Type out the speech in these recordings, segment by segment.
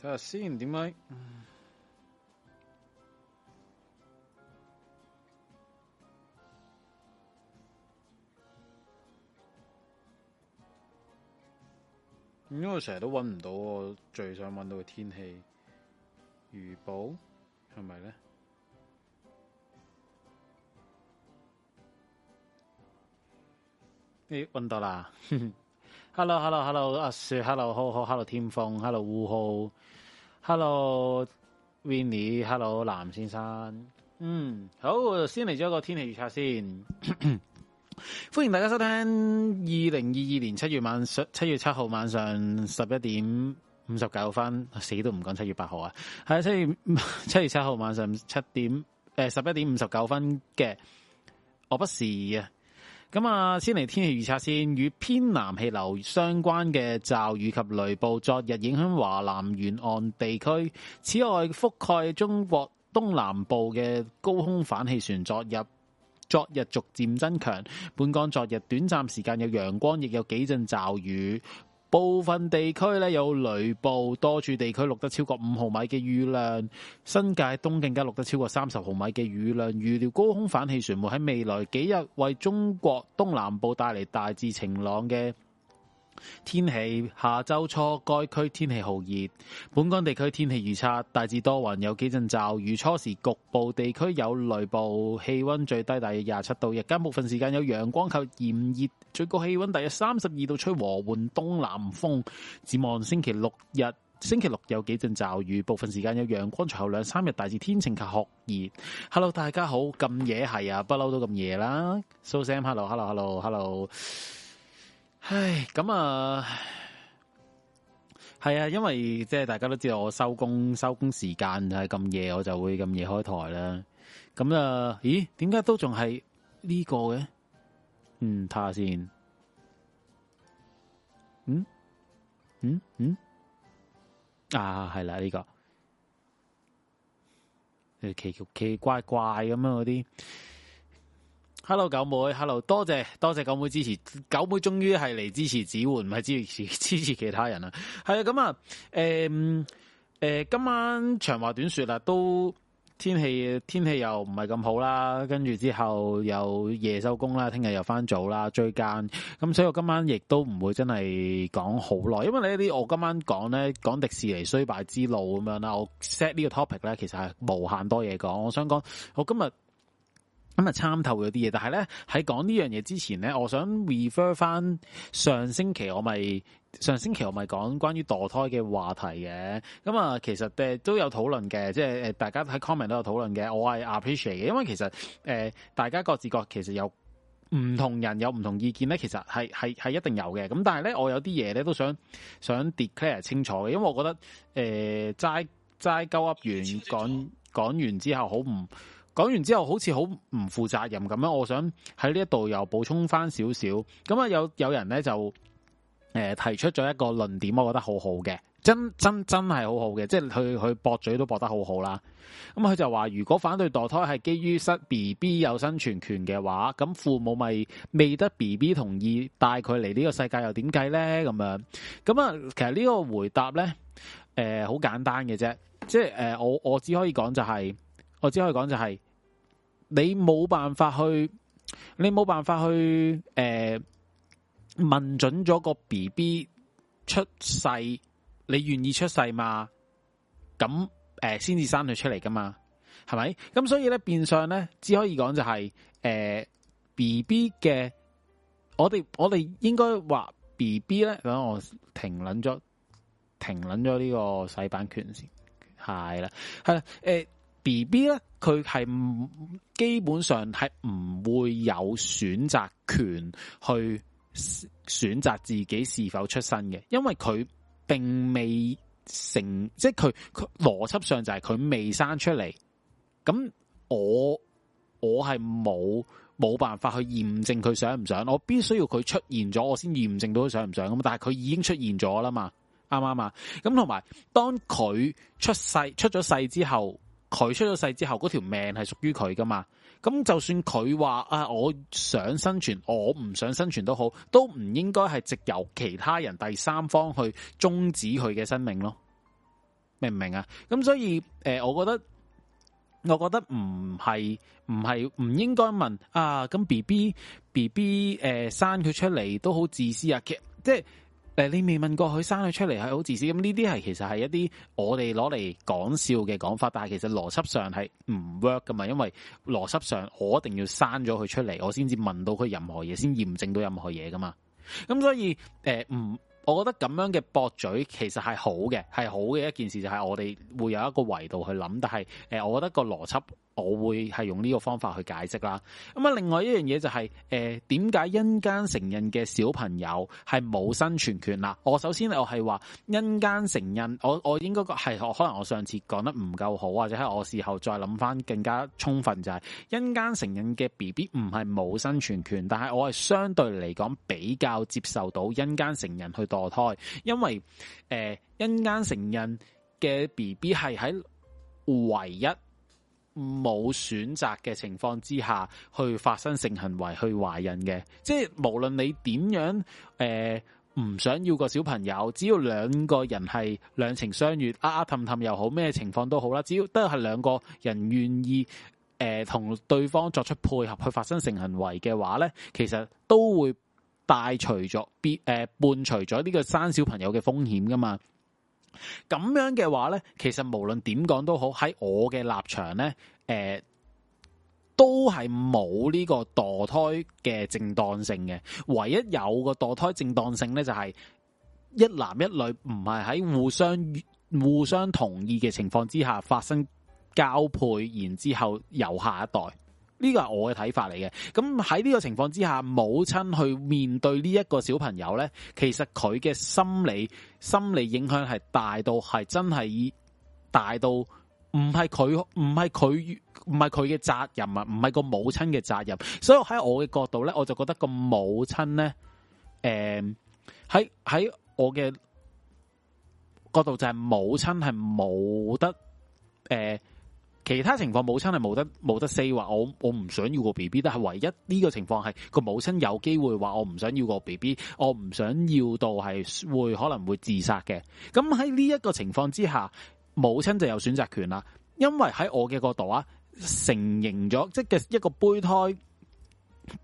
睇下先，點解？因為成日都搵唔到我最想搵到嘅天氣預報，係咪呢？咦，搵到啦！Hello，Hello，Hello，阿雪，Hello，Hello，Hello，天風，Hello，烏浩。Hello Winnie，Hello 藍先生，嗯，好，先嚟咗一個天氣預測先， 歡迎大家收聽二零二二年七月晚七月七號晚上十一點五十九分，死都唔講七月八號啊，係啊七月 七月七號晚上七點誒十一點五十九分嘅，我不時啊。咁啊，先嚟天氣預測先。與偏南氣流相關嘅驟雨及雷暴，昨日影響華南沿岸地區。此外，覆蓋中國東南部嘅高空反氣旋，昨日昨日逐漸增強。本港昨日短暫時間有陽光，亦有幾陣驟雨。部分地區咧，有雷暴，多處地區錄得超過五毫米嘅雨量，新界東更加錄得超過三十毫米嘅雨量。預料高空反氣旋會喺未來幾日為中國東南部帶嚟大致晴朗嘅天氣。下周初該區天氣酷熱。本港地區天氣預測大致多雲，有幾陣驟雨，初時局部地區有雷暴，氣溫最低大約廿七度，日間部分時間有陽光及炎熱。最高氣溫大約三十二度，吹和緩東南風。展望星期六日，星期六有幾陣驟雨，部分時間有陽光兩，隨後兩三日大致天晴及酷熱。Hello，大家好，咁夜係啊，不嬲都咁夜啦。So Sam，hello，hello，hello，hello。唉，咁、嗯、啊，係、嗯、啊、嗯嗯嗯嗯，因為即係大家都知道我收工收工時間就係咁夜，我就會咁夜開台啦。咁、嗯、啊、嗯，咦，點解都仲係呢個嘅？嗯，睇下先。嗯，嗯，嗯。啊，係啦，呢、這個奇奇怪怪咁樣嗰啲。Hello，九妹，Hello，多謝多謝九妹支持，九妹終於係嚟支持子煥，唔係支持支持其他人啦。係啊，咁啊，誒、呃、誒、呃，今晚長話短說啦，都。天氣天氣又唔係咁好啦，跟住之後又夜收工啦，聽日又返早啦，追更咁，所以我今晚亦都唔會真係講好耐，因為呢啲我今晚講呢，講迪士尼衰敗之路咁樣啦，我 set 呢個 topic 呢，其實係無限多嘢講，我想講我今日今日參透咗啲嘢，但係呢，喺講呢樣嘢之前呢，我想 refer 翻上星期我咪。上星期我咪講關於墮胎嘅話題嘅，咁啊，其實誒都有討論嘅，即係誒大家喺 comment 都有討論嘅，我係 appreciate 嘅，因為其實誒大家各自各其實有唔同人有唔同意見咧，其實係係係一定有嘅，咁但係咧我有啲嘢咧都想想 declare 清楚嘅，因為我覺得誒齋齋鳩噏完講講完,完之後好唔講完之後好似好唔負責任咁樣，我想喺呢一度又補充翻少少，咁啊有有人咧就。誒、呃，提出咗一個論點，我覺得好好嘅，真真真係好好嘅，即係佢佢駁嘴都駁得好好啦。咁、嗯、佢就話如果反對墮胎係基於失 BB 有生存權嘅話，咁父母咪未得 BB 同意帶佢嚟呢個世界又點計呢？咁樣咁啊，其實呢個回答呢，誒、呃，好簡單嘅啫，即係、呃、我我只可以講就係，我只可以講就係、是就是，你冇辦法去，你冇辦法去，誒、呃。問准咗個 B B 出世，你願意出世嘛？咁誒，先、呃、至生佢出嚟噶嘛？係咪？咁所以咧，變相咧，只可以講就係、是、誒、呃、B B 嘅，我哋我哋應該話 B B 咧，等我停捻咗停捻咗呢個細版權先係啦，係啦，誒 B B 咧，佢係唔基本上係唔會有選擇權去。選擇自己是否出生嘅，因為佢並未成，即係佢佢邏輯上就係佢未生出嚟，咁我我係冇冇辦法去驗證佢想唔想，我必須要佢出現咗，我先驗證到佢想唔想咁，但係佢已經出現咗啦嘛，啱唔啱嘛？咁同埋當佢出世出咗世之後，佢出咗世之後，嗰條命係屬於佢㗎嘛？咁就算佢話啊，我想生存，我唔想生存都好，都唔應該係藉由其他人第三方去終止佢嘅生命咯，明唔明啊？咁所以誒、呃，我覺得，我覺得唔係唔係唔應該問啊，咁 BB BB、呃、誒，生佢出嚟，都好自私啊，其即係。即誒，你未問過佢生佢出嚟係好自私，咁呢啲係其實係一啲我哋攞嚟講笑嘅講法，但係其實邏輯上係唔 work 噶嘛，因為邏輯上我一定要生咗佢出嚟，我先至問到佢任何嘢，先驗證到任何嘢噶嘛。咁所以誒，唔，我覺得咁樣嘅駁嘴其實係好嘅，係好嘅一件事就係、是、我哋會有一個維度去諗，但係誒，我覺得個邏輯。我會係用呢個方法去解釋啦。咁啊，另外一樣嘢就係，誒點解因姦成孕嘅小朋友係冇生存權啦？我首先我係話因姦成孕，我我應該係可能我上次講得唔夠好，或者係我事後再諗返更加充分就係因姦成孕嘅 B B 唔係冇生存權，但係我係相對嚟講比較接受到因姦成孕去墮胎，因為誒因姦成孕嘅 B B 係喺唯一，冇選擇嘅情況之下，去發生性行為去懷孕嘅，即係無論你點樣誒唔、呃、想要個小朋友，只要兩個人係兩情相悦，啊啊氹氹又好，咩情況都好啦，只要都係兩個人願意誒、呃、同對方作出配合去發生性行為嘅話咧，其實都會帶隨咗必誒伴隨咗呢個生小朋友嘅風險㗎嘛。咁樣嘅話呢，其實無論點講都好，喺我嘅立場呢，誒、呃，都係冇呢個墮胎嘅正當性嘅。唯一有一個墮胎正當性呢，就係一男一女唔係喺互相互相同意嘅情況之下發生交配，然之後有下一代。呢個係我嘅睇法嚟嘅，咁喺呢個情況之下，母親去面對呢一個小朋友呢，其實佢嘅心理，心理影響係大到，係真係以大到唔係佢，唔係佢，唔係佢嘅責任啊，唔係個母親嘅責任。所以喺我嘅角度呢，我就覺得個母親呢，誒，喺，喺我嘅角度就係母親係冇得誒。呃其他情況，母親係冇得冇得 say 話我我唔想要個 B B，但係唯一呢個情況係個母親有機會話我唔想要個 B B，我唔想要到係會可能會自殺嘅。咁喺呢一個情況之下，母親就有選擇權啦。因為喺我嘅角度啊，成形咗即係一個胚胎，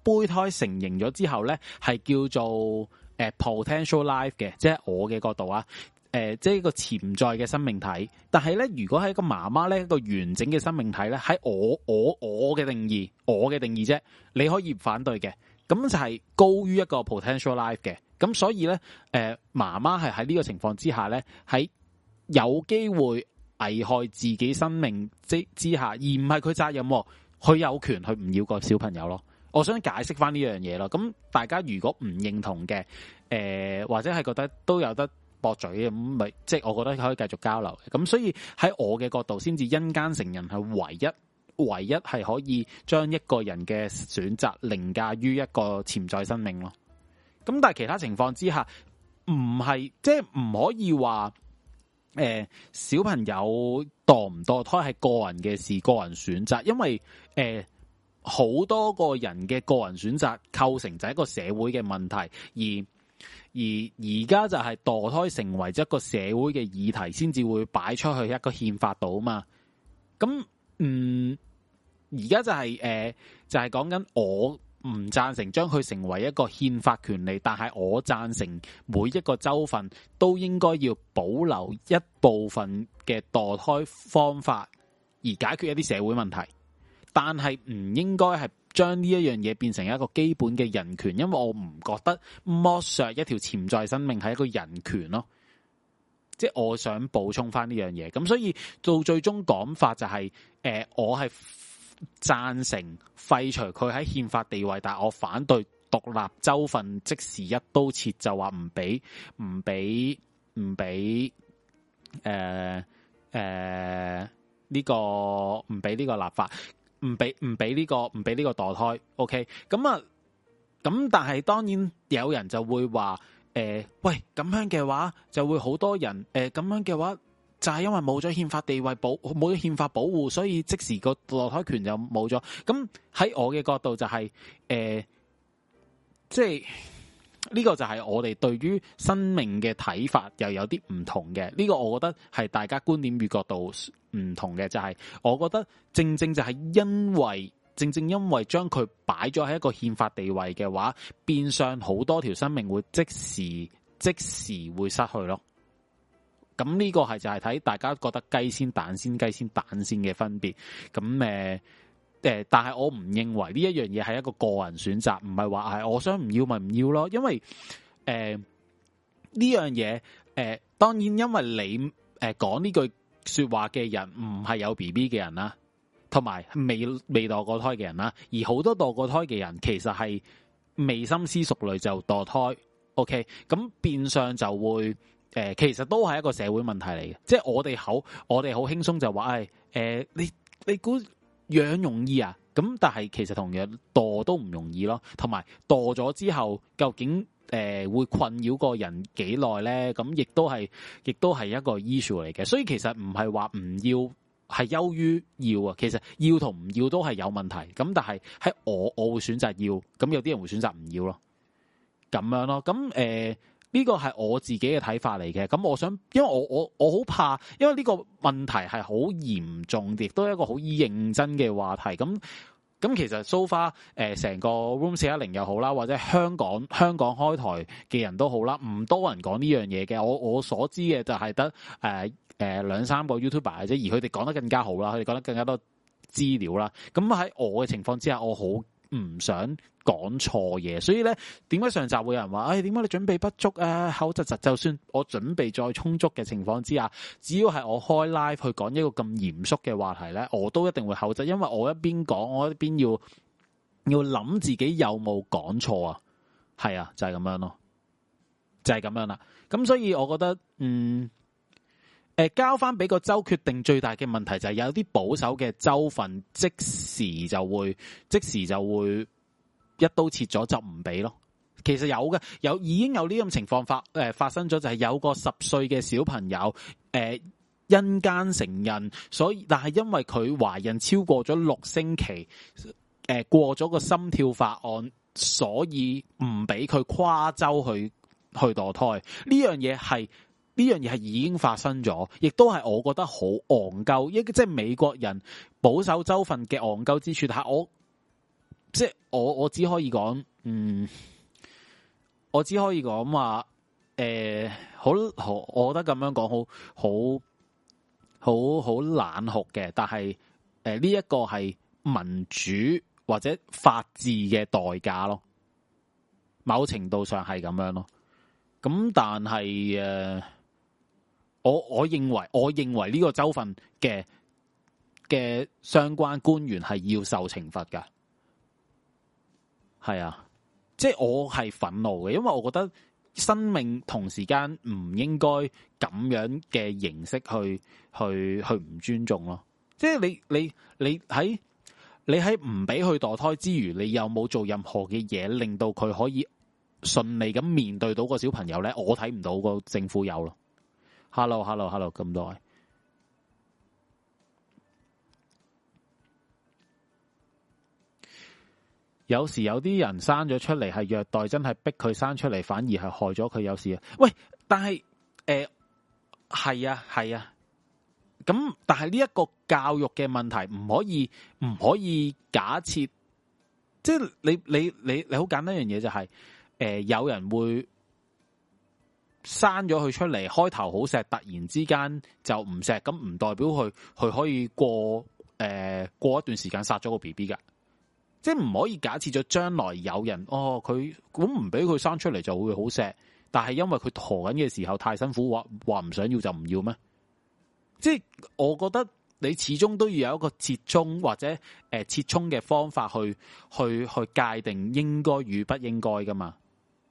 胚胎成形咗之後呢，係叫做誒 potential life 嘅，即係我嘅角度啊。誒、呃，即係一個潛在嘅生命體，但係咧，如果係一個媽媽咧，一個完整嘅生命體咧，喺我我我嘅定義，我嘅定義啫，你可以反對嘅，咁就係高於一個 potential life 嘅，咁所以咧，誒、呃，媽媽係喺呢個情況之下咧，喺有機會危害自己生命之之下，而唔係佢責任，佢有權去唔要個小朋友咯。我想解釋翻呢樣嘢咯，咁大家如果唔認同嘅，誒、呃，或者係覺得都有得。駁嘴咁咪，即、就、係、是、我覺得可以繼續交流嘅。咁所以喺我嘅角度，先至因姦成孕係唯一唯一係可以將一個人嘅選擇凌駕於一個潛在生命咯。咁但係其他情況之下，唔係即係唔可以話，誒、呃、小朋友墮唔墮胎係個人嘅事，個人選擇。因為誒好、呃、多個人嘅個人選擇構成就係一個社會嘅問題而。而而家就係墮胎成為一個社會嘅議題，先至會擺出去一個憲法度嘛。咁嗯，而家就係、是、誒、呃、就係講緊我唔贊成將佢成為一個憲法權利，但係我贊成每一個州份都應該要保留一部分嘅墮胎方法，而解決一啲社會問題，但係唔應該係。將呢一樣嘢變成一個基本嘅人權，因為我唔覺得剝削一條潛在生命係一個人權咯。即係我想補充返呢樣嘢，咁所以做最終講法就係、是，誒、呃，我係贊成廢除佢喺憲法地位，但係我反對獨立州份即時一刀切就話唔俾、唔俾、唔俾，誒誒呢個唔俾呢個立法。唔俾唔俾呢個唔俾呢個墮胎，OK，咁啊，咁但係當然有人就會話，誒，喂，咁樣嘅話就會好多人，誒，咁樣嘅話就係因為冇咗憲法地位保，冇咗憲法保護，所以即時個墮胎權就冇咗。咁喺我嘅角度就係，誒，即係。呢個就係我哋對於生命嘅睇法又有啲唔同嘅，呢個我覺得係大家觀點與角度唔同嘅，就係我覺得正正就係因為正正因為將佢擺咗喺一個憲法地位嘅話，變相好多條生命會即時即時會失去咯。咁呢個係就係睇大家覺得雞先蛋先雞先蛋先嘅分別。咁誒。呃誒，但係我唔認為呢一樣嘢係一個個人選擇，唔係話係我想唔要咪唔要咯。因為誒呢樣嘢，誒、呃呃、當然因為你誒講呢句說話嘅人唔係有 B B 嘅人啦，同埋未未墮過胎嘅人啦，而好多墮過胎嘅人其實係未深思熟慮就墮胎。O K，咁變相就會誒、呃，其實都係一個社會問題嚟嘅。即係我哋好，我哋好輕鬆就話，誒、哎，誒、呃，你你估？樣容易啊，咁但係其實同樣墮都唔容易咯，同埋墮咗之後究竟誒、呃、會困擾個人幾耐咧？咁亦都係亦都係一個 issue 嚟嘅，所以其實唔係話唔要係優於要啊，其實要同唔要都係有問題，咁但係喺我我會選擇要，咁有啲人會選擇唔要咯，咁樣咯，咁誒。呃呢個係我自己嘅睇法嚟嘅，咁我想，因為我我我好怕，因為呢個問題係好嚴重的，亦都係一個好認真嘅話題。咁咁其實 so far 誒成個 room 四一零又好啦，或者香港香港開台嘅人都好啦，唔多人講呢樣嘢嘅。我我所知嘅就係得誒兩三個 YouTuber 啫，而佢哋講得更加好啦，佢哋講得更加多資料啦。咁喺我嘅情況之下，我好，唔想講錯嘢，所以咧點解上集會有人話，哎，點解你準備不足啊？口窒窒，就算我準備再充足嘅情況之下，只要係我開 live 去講一個咁嚴肅嘅話題咧，我都一定會口窒，因為我一邊講，我一邊要要諗自己有冇講錯啊？係啊，就係咁樣咯，就係咁樣啦。咁所以我覺得，嗯。誒、呃，交翻俾個州決定，最大嘅問題就係有啲保守嘅州份即時就會即時就會一刀切咗就唔俾咯。其實有嘅有已經有呢種情況發誒、呃、發生咗，就係有個十歲嘅小朋友誒因姦成孕，所以但係因為佢懷孕超過咗六星期，誒、呃、過咗個心跳法案，所以唔俾佢跨州去去墮胎。呢樣嘢係。呢樣嘢係已經發生咗，亦都係我覺得好戇鳩，一即係美國人保守州份嘅戇鳩之處。吓，但係我即係我我只可以講，嗯，我只可以講話，誒、呃，好，我我覺得咁樣講好，好，好好冷酷嘅，但係誒呢一個係民主或者法治嘅代價咯，某程度上係咁樣咯，咁但係誒。呃我我認為我認為呢個州份嘅嘅相關官員係要受懲罰噶，係啊，即係我係憤怒嘅，因為我覺得生命同時間唔應該咁樣嘅形式去去去唔尊重咯。即係你你你喺你喺唔俾佢墮胎之餘你有冇做任何嘅嘢，令到佢可以順利咁面對到個小朋友呢？我睇唔到個政府有咯。Hello，Hello，Hello，咁多位。有時有啲人生咗出嚟係虐待，真係逼佢生出嚟，反而係害咗佢。有時啊？喂，但係誒，係啊，係啊。咁但係呢一個教育嘅問題，唔可以唔可以假設，即係你你你你好簡單樣嘢就係誒，有人會。生咗佢出嚟，開頭好錫，突然之間就唔錫，咁唔代表佢佢可以過誒、呃、過一段時間殺咗個 B B 㗎，即係唔可以假設咗將來有人哦，佢咁唔俾佢生出嚟就會好錫，但係因為佢陀緊嘅時候太辛苦，話話唔想要就唔要咩？即係我覺得你始終都要有一個折衷或者誒、呃、折衷嘅方法去去去界定應該與不應該㗎嘛，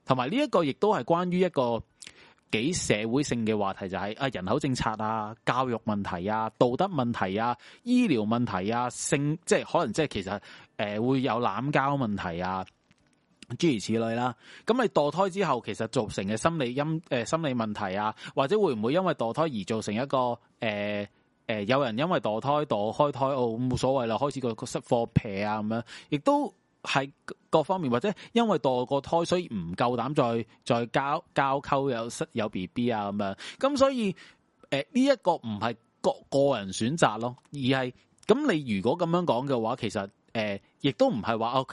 同埋呢一個亦都係關於一個。幾社會性嘅話題就係，啊，人口政策啊、教育問題啊、道德問題啊、醫療問題啊，性即係可能即係其實誒、呃、會有濫交問題啊諸如此類啦。咁你墮胎之後，其實造成嘅心理陰誒、呃、心理問題啊，或者會唔會因為墮胎而造成一個誒誒、呃呃、有人因為墮胎墮開胎哦冇、哦、所謂啦，開始個失貨撇啊咁樣，亦都。係各方面或者因為墮個胎，所以唔夠膽再再交交媾有生有 B B 啊咁樣，咁所以誒呢一個唔係個個人選擇咯，而係咁你如果咁樣講嘅話，其實誒亦、呃、都唔係話哦，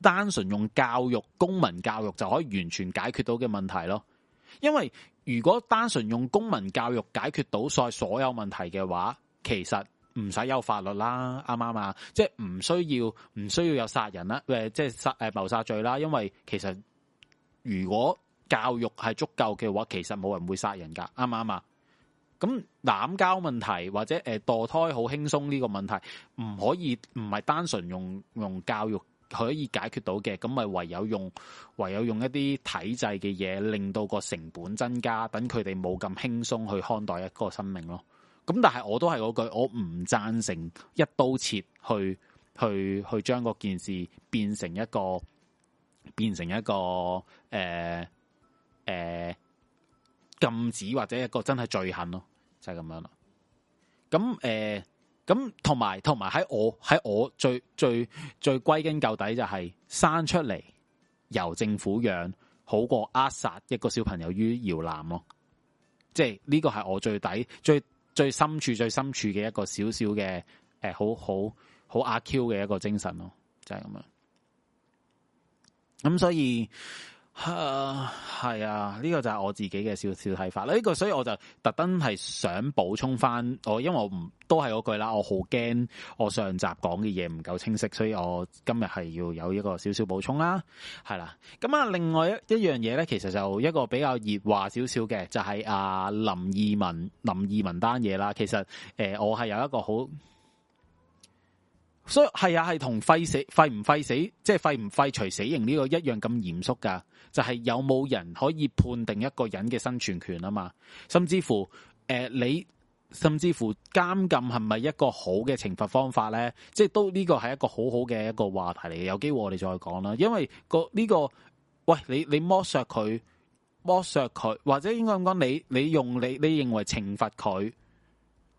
單純用教育公民教育就可以完全解決到嘅問題咯，因為如果單純用公民教育解決到晒所，所有問題嘅話，其實。唔使有法律啦，啱啱啊？即係唔需要，唔需要有殺人啦，誒，即係殺誒謀殺罪啦。因為其實如果教育係足夠嘅話，其實冇人會殺人噶，啱啱啊？咁濫交問題或者誒墮胎好輕鬆呢個問題，唔可以唔係單純用用教育可以解決到嘅，咁咪唯有用唯有用一啲體制嘅嘢，令到個成本增加，等佢哋冇咁輕鬆去看待一個生命咯。咁但係我都係嗰句，我唔贊成一刀切去去去將嗰件事變成一個變成一個誒誒、呃呃、禁止或者一個真係罪行咯，就係、是、咁樣咯。咁誒，咁同埋同埋喺我喺我最最最歸根究底就係、是、生出嚟，由政府養，好過扼殺一個小朋友於搖籃咯。即係呢個係我最底最。最深處、最深處嘅一個小小嘅誒、欸、好好好阿 Q 嘅一個精神咯，就係、是、咁樣。咁所以。誒，係啊，呢、啊這個就係我自己嘅小小睇法啦。呢、這個所以我就特登係想補充翻，我因為我唔都係嗰句啦，我好驚我上集講嘅嘢唔夠清晰，所以我今日係要有一個少少補充啦。係啦，咁啊，另外一一樣嘢咧，其實就一個比較熱話少少嘅，就係、是啊、林二汶林二汶單嘢啦。其實誒、呃，我係有一個好。所以係啊，係同廢死廢唔廢死，即係廢唔廢除死刑呢個一樣咁嚴肅噶，就係有冇人可以判定一個人嘅生存權啊嘛、呃？甚至乎誒，你甚至乎監禁係咪一個好嘅懲罰方法咧？即係都呢個係一個好好嘅一個話題嚟嘅，有機會我哋再講啦。因為個、這、呢個，喂你你剝削佢剝削佢，或者應該咁講，你用你用你你認為懲罰佢。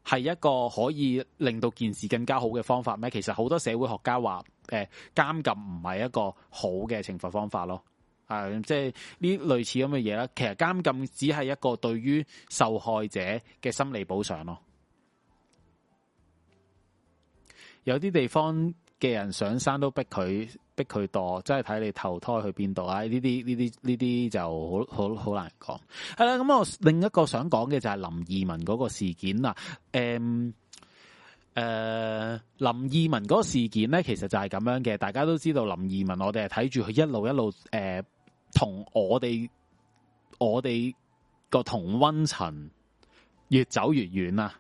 係一個可以令到件事更加好嘅方法咩？其實好多社會學家話，誒、呃，監禁唔係一個好嘅懲罰方法咯。啊、呃，即係呢類似咁嘅嘢啦。其實監禁只係一個對於受害者嘅心理補償咯。有啲地方嘅人上山都逼佢。逼佢多，真係睇你投胎去邊度啊！呢啲呢啲呢啲就好好好難講。係啦，咁我另一個想講嘅就係林二汶嗰個事件啦誒，誒、嗯呃，林二汶嗰個事件咧，其實就係咁樣嘅。大家都知道林二汶，我哋係睇住佢一路一路誒、呃，同我哋我哋個同温層越走越遠啊！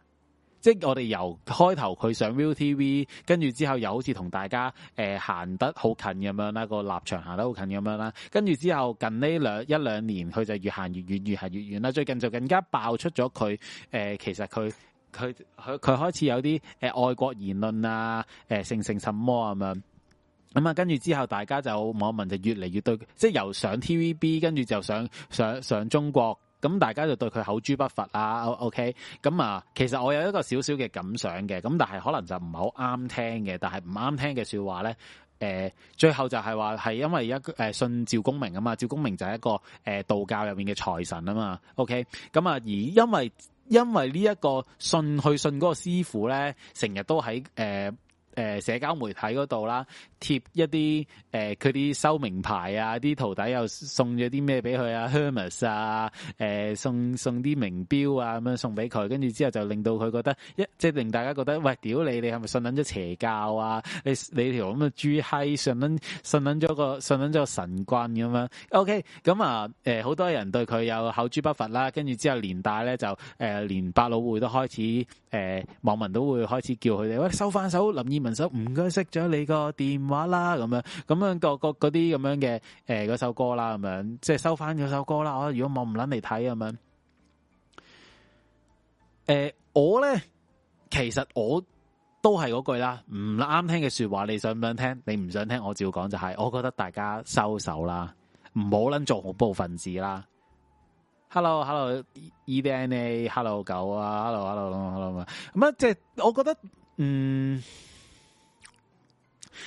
即係我哋由開頭佢上 Viu TV，跟住之後又好似同大家誒行、呃、得好近咁樣啦，個立場行得好近咁樣啦，跟住之後近呢兩一兩年，佢就越行越遠，越行越遠啦。最近就更加爆出咗佢誒其實佢佢佢佢開始有啲誒愛國言論啊，誒成成什麼咁樣咁啊，跟住之後大家就網民就越嚟越多，即係由上 TVB 跟住就上上上中國。咁大家就對佢口誅筆伐啊 OK，咁啊，其實我有一個少少嘅感想嘅，咁但係可能就唔係好啱聽嘅，但係唔啱聽嘅說話咧，誒、呃，最後就係話係因為而家誒信趙公明啊嘛，趙公明就係一個誒、呃、道教入面嘅財神啊嘛，O K，咁啊而因為因為呢一個信去信嗰個師傅咧，成日都喺誒。呃誒社交媒體嗰度啦，貼一啲誒佢啲收名牌啊，啲徒弟又送咗啲咩俾佢啊，Hermes 啊，Herm 啊呃、送送啲名錶啊咁樣送俾佢，跟住之後就令到佢覺得一即、係、令大家覺得喂屌你，你係咪信撚咗邪教啊？你你條咁嘅豬閪信撚信撚咗個信撚咗個神棍咁樣。OK，咁啊好、呃、多人對佢有口誅筆伐啦，跟住之後連帶咧就誒、呃、連百老匯都開始誒、呃、網民都會開始叫佢哋喂收翻手林二汶。唔該，熄咗你個電話啦，咁樣咁樣各各嗰啲咁樣嘅，誒，欸、首歌啦，咁樣即係收翻嗰首歌啦，啊欸。我如果我唔捻嚟睇咁樣，誒，我咧其實我都係嗰句啦，唔啱聽嘅說話，你想唔想聽？你唔想聽，我照講就係、是。我覺得大家收手啦，唔好捻做恐怖分子啦。Hello，Hello，E D N A，Hello 狗啊，Hello，Hello，Hello，咁 hello, 啊 hello,，即係我覺得嗯。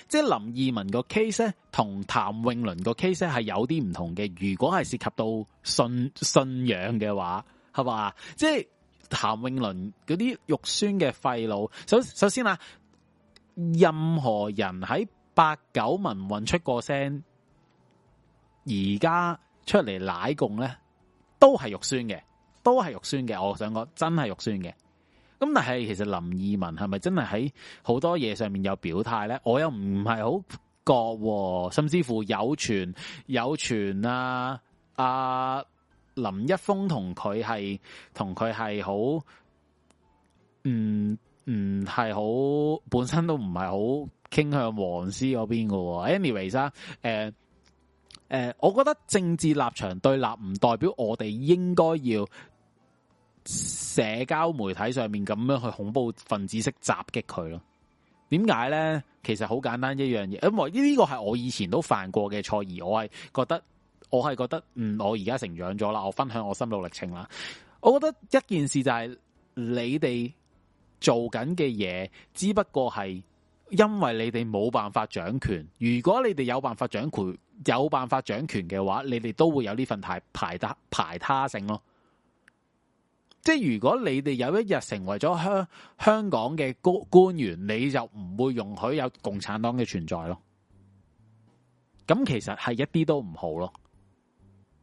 即係林二汶個 case 咧，同譚詠麟個 case 係有啲唔同嘅。如果係涉及到信信仰嘅話，係嘛？即係譚詠麟嗰啲肉酸嘅廢老。首首先啦，任何人喺八九民運出過聲，而家出嚟奶共咧，都係肉酸嘅，都係肉酸嘅。我想講，真係肉酸嘅。咁但係其實林二汶係咪真係喺好多嘢上面有表態咧？我又唔係好覺，甚至乎有傳有傳啊，阿、啊、林一峰同佢係同佢係好，嗯，唔係好，本身都唔係好傾向黃絲嗰邊噶。Anyway，生、啊，誒、啊、誒，我覺得政治立場對立唔代表我哋應該要。社交媒體上面咁樣去恐怖分子式襲擊佢咯？點解呢？其實好簡單一樣嘢，因為呢個係我以前都犯過嘅錯，而我係覺得我係覺得嗯，我而家成長咗啦，我分享我心路歷程啦。我覺得一件事就係你哋做緊嘅嘢，只不過係因為你哋冇辦法掌權。如果你哋有辦法掌權，有辦法掌權嘅話，你哋都會有呢份排排他排他性咯。即係如果你哋有一日成為咗香香港嘅高官員，你就唔會容許有共產黨嘅存在咯。咁其實係一啲都唔好咯，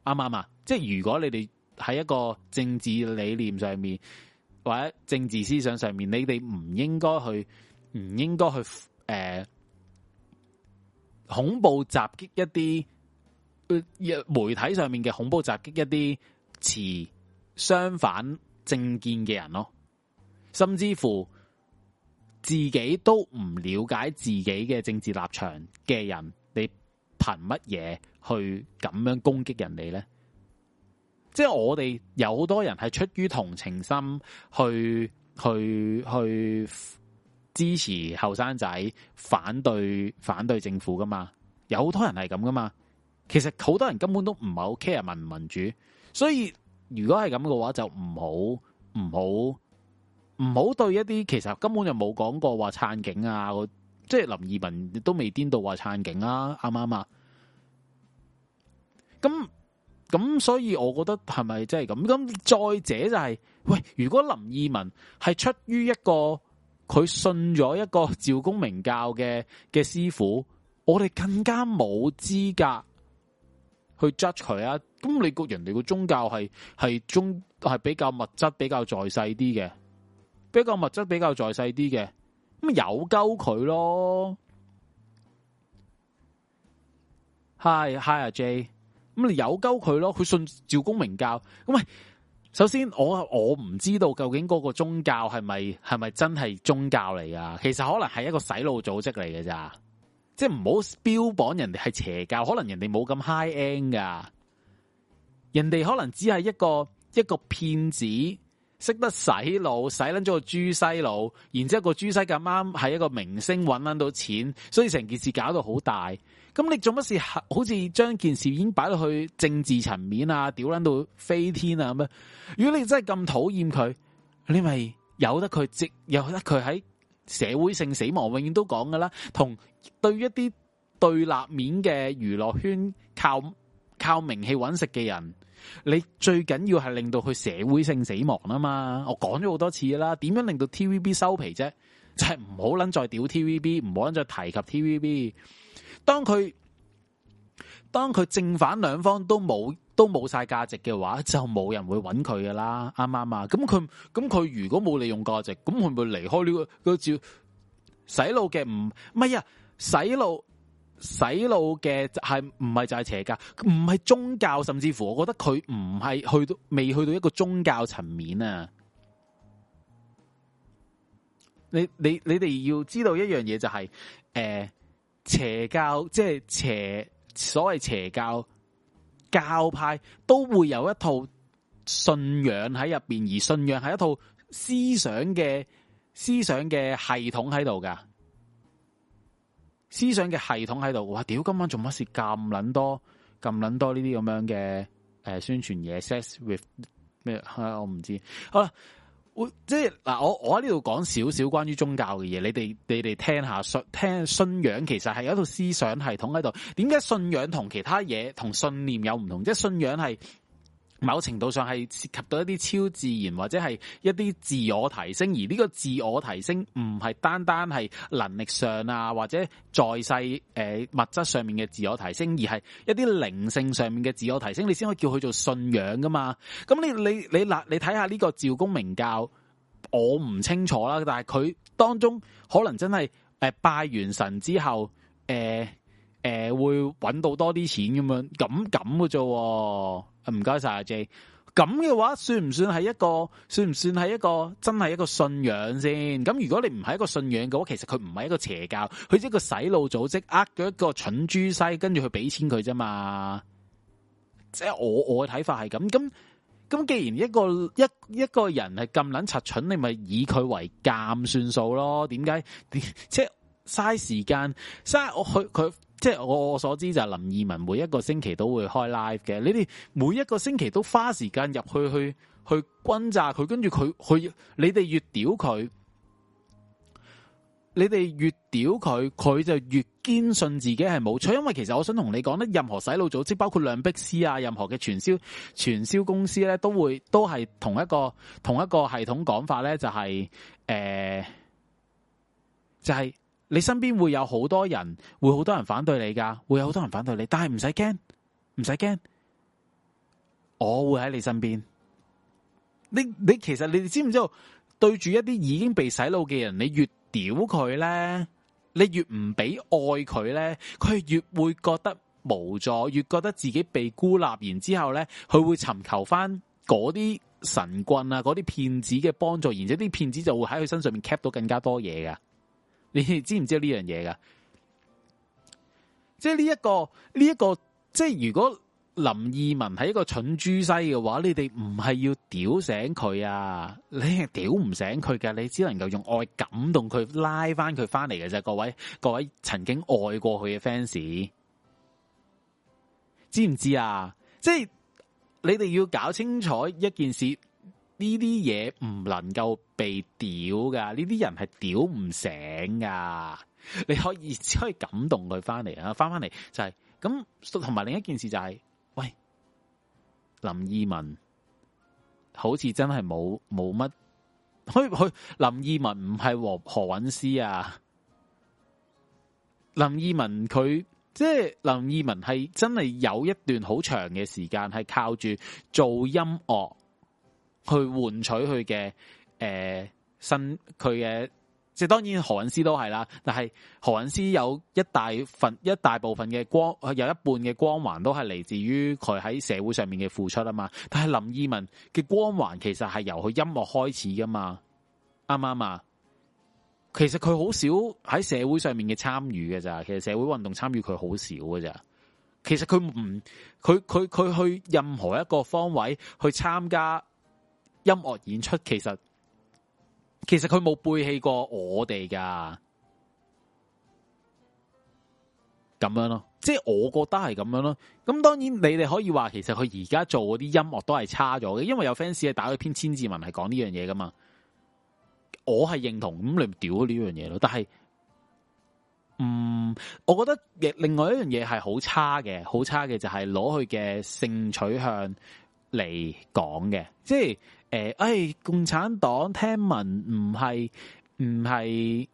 啱唔啱啊？即係如果你哋喺一個政治理念上面或者政治思想上面，你哋唔應該去，唔應該去誒、呃、恐怖襲擊一啲、呃，媒體上面嘅恐怖襲擊一啲詞，相反。政見嘅人咯，甚至乎自己都唔了解自己嘅政治立場嘅人，你憑乜嘢去咁樣攻擊人哋呢？即係我哋有好多人係出於同情心去去去支持後生仔反對反對政府噶嘛，有好多人係咁噶嘛。其實好多人根本都唔係好 care 民唔民主，所以。如果係咁嘅話就不，就唔好唔好唔好對一啲其實根本就冇講過話撐警啊，即係林二汶都未顛到話撐警啊，啱唔啱啊？咁，咁，所以我覺得係咪真係咁？咁,再者就係、是、喂，如果林二汶係出於一個佢信咗一個趙公明教嘅嘅師傅，我哋更加冇資格，去 judge 佢啊！咁你個人哋個宗教係係宗係比較物質、比較在世啲嘅，比較物質、比較在世啲嘅，咁咪有鳩佢咯。Hi，Hi 啊 J，咁你有鳩佢咯？佢信趙公明教咁喂。首先我，我我唔知道究竟嗰個宗教係咪係咪真係宗教嚟㗎？其實可能係一個洗腦組織嚟嘅咋。即係唔好標榜人哋係邪教，可能人哋冇咁 high end 噶，人哋可能只係一個一個騙子，識得洗腦，洗捻咗個豬西腦，然之後個豬西咁啱係一個明星，搵捻到錢，所以成件事搞到好大。咁你做乜事？好似將件事已經擺到去政治層面啊，屌捻到飛天啊咁樣。如果你真係咁討厭佢，你咪由得佢，直由得佢喺。社會性死亡永遠都講㗎啦，同對一啲對立面嘅娛樂圈靠靠名氣揾食嘅人，你最緊要係令到佢社會性死亡啊嘛！我講咗好多次啦，點樣令到 TVB 收皮啫？就係唔好撚再屌 TVB，唔好撚再提及 TVB。當佢當佢正反兩方都冇。都冇晒價值嘅話，就冇人會揾佢噶啦，啱唔啱啊？咁佢咁佢如果冇利用價值，咁佢會唔會離開呢、這個個照洗腦嘅？唔唔係啊，洗腦洗腦嘅係唔係就係邪教？唔係宗教，甚至乎我覺得佢唔係去到未去到一個宗教層面啊！你你你哋要知道一樣嘢就係、是，誒、呃、邪教即係、就是、邪所謂邪教。教派都會有一套信仰喺入邊，而信仰係一套思想嘅思想嘅系統喺度噶。思想嘅系統喺度，哇！屌，今晚做乜事咁捻多咁捻多呢啲咁樣嘅誒、呃、宣傳嘢 s e s with 咩？我唔知。好啦。會即係嗱，我我喺呢度講少少關於宗教嘅嘢，你哋你哋聽下信聽信仰其實係有一套思想系統喺度，點解信仰同其他嘢同信念有唔同？即係信仰係。某程度上係涉及到一啲超自然或者係一啲自我提升，而呢個自我提升唔係單單係能力上啊，或者在世誒物質上面嘅自我提升，而係一啲靈性上面嘅自我提升，你先可以叫佢做信仰㗎嘛。咁你你你嗱，你睇下呢個趙公明教，我唔清楚啦，但係佢當中可能真係誒拜完神之後誒。呃誒，會揾到多啲錢咁樣咁咁嘅啫，唔該晒阿 J。咁嘅話，算唔算係一個？算唔算係一個真係一個信仰先？咁如果你唔係一個信仰嘅話，其實佢唔係一個邪教，佢一個洗腦組織，呃咗一個蠢豬西，跟住佢俾錢佢啫嘛。即係我我嘅睇法係咁，咁咁既然一個一一個人係咁捻賊蠢，你咪以佢為鑒算數咯？點解？即係嘥時間，嘥我去佢。即係我所知，就林二汶每一個星期都會開 live 嘅，你哋每一個星期都花時間入去去去轟炸佢，跟住佢佢你哋越屌佢，你哋越屌佢，佢就越堅信自己係冇錯。因為其實我想同你講咧，任何洗腦組織，包括亮碧思啊，任何嘅傳銷傳銷公司咧，都會都係同一個同一個系統講法咧，就係、是、誒、欸，就係、是，你身邊會有好多人，會好多人反對你噶，會有好多人反對你，但係唔使驚，唔使驚，我會喺你身邊。你你其實你哋知唔知道？對住一啲已經被洗腦嘅人，你越屌佢咧，你越唔俾愛佢咧，佢越會覺得無助，越覺得自己被孤立，然之後咧，佢會尋求翻嗰啲神棍啊，嗰啲騙子嘅幫助，然之後啲騙子就會喺佢身上面 cap 到更加多嘢噶。你知唔知呢樣嘢噶？即係呢一個呢一、這個，即係如果林二汶係一個蠢豬西嘅話，你哋唔係要屌醒佢啊！你係屌唔醒佢嘅，你只能夠用愛感動佢，拉翻佢翻嚟嘅啫。各位，各位曾經愛過佢嘅 fans，知唔知啊？即係你哋要搞清楚一件事。呢啲嘢唔能夠被屌噶，呢啲人係屌唔醒噶。你可以只可以感動佢翻嚟啊，翻翻嚟就係、是、咁。同埋另一件事就係、是，喂，林二汶好似真係冇冇乜去去。林二汶唔係和何韻詩啊，林二汶佢即係林二汶係真係有一段好長嘅時間係靠住做音樂。去換取佢嘅誒身佢嘅即係，當然何韻詩都係啦。但係何韻詩有一大份一大部分嘅光，有一半嘅光環都係嚟自於佢喺社會上面嘅付出啊。嘛，但係林二汶嘅光環其實係由佢音樂開始噶嘛，啱唔啱啊？其實佢好少喺社會上面嘅參與嘅咋，其實社會運動參與佢好少嘅咋。其實佢唔佢佢佢去任何一個方位去參加。音樂演出其實其實佢冇背棄過我哋噶，啊，咁樣咯，即係我覺得係咁樣咯。咁當然你哋可以話，其實佢而家做嗰啲音樂都係差咗嘅，因為有 fans 係打咗篇千字文係講呢樣嘢噶嘛。我係認同，咁你屌呢樣嘢咯。但係，嗯，我覺得另外一樣嘢係好差嘅，好差嘅就係攞佢嘅性取向嚟講嘅，即係。誒，哎、欸，共產黨聽聞唔係唔係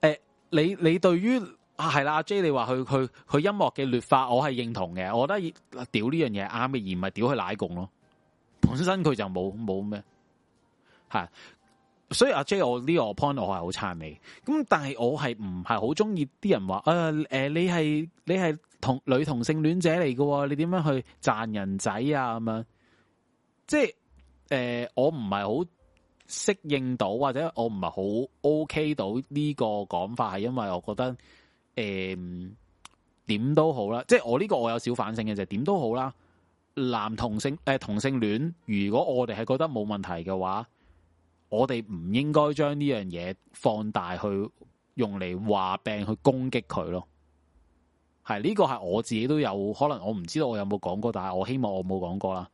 誒，你你對於啊係啦，阿 J 你話佢佢佢音樂嘅劣化，我係認同嘅。我覺得屌呢樣嘢啱嘅，而唔係屌佢奶共咯。本身佢就冇冇咩吓，所以阿 J 我呢個 point 我係好撐你咁，但係我係唔係好中意啲人話誒誒，你係你係同女同性戀者嚟噶，你點樣去讚人仔啊咁樣？即係誒、呃，我唔係好適應到，或者我唔係好 OK 到呢個講法，係因為我覺得誒點都好啦，即係我呢個我有少反省嘅，就點都好啦，男同性誒、呃、同性戀，如果我哋係覺得冇問題嘅話，我哋唔應該將呢樣嘢放大去用嚟話病去攻擊佢咯。係，呢個係我自己都有可能，我唔知道我有冇講過，但係我希望我冇講過啦。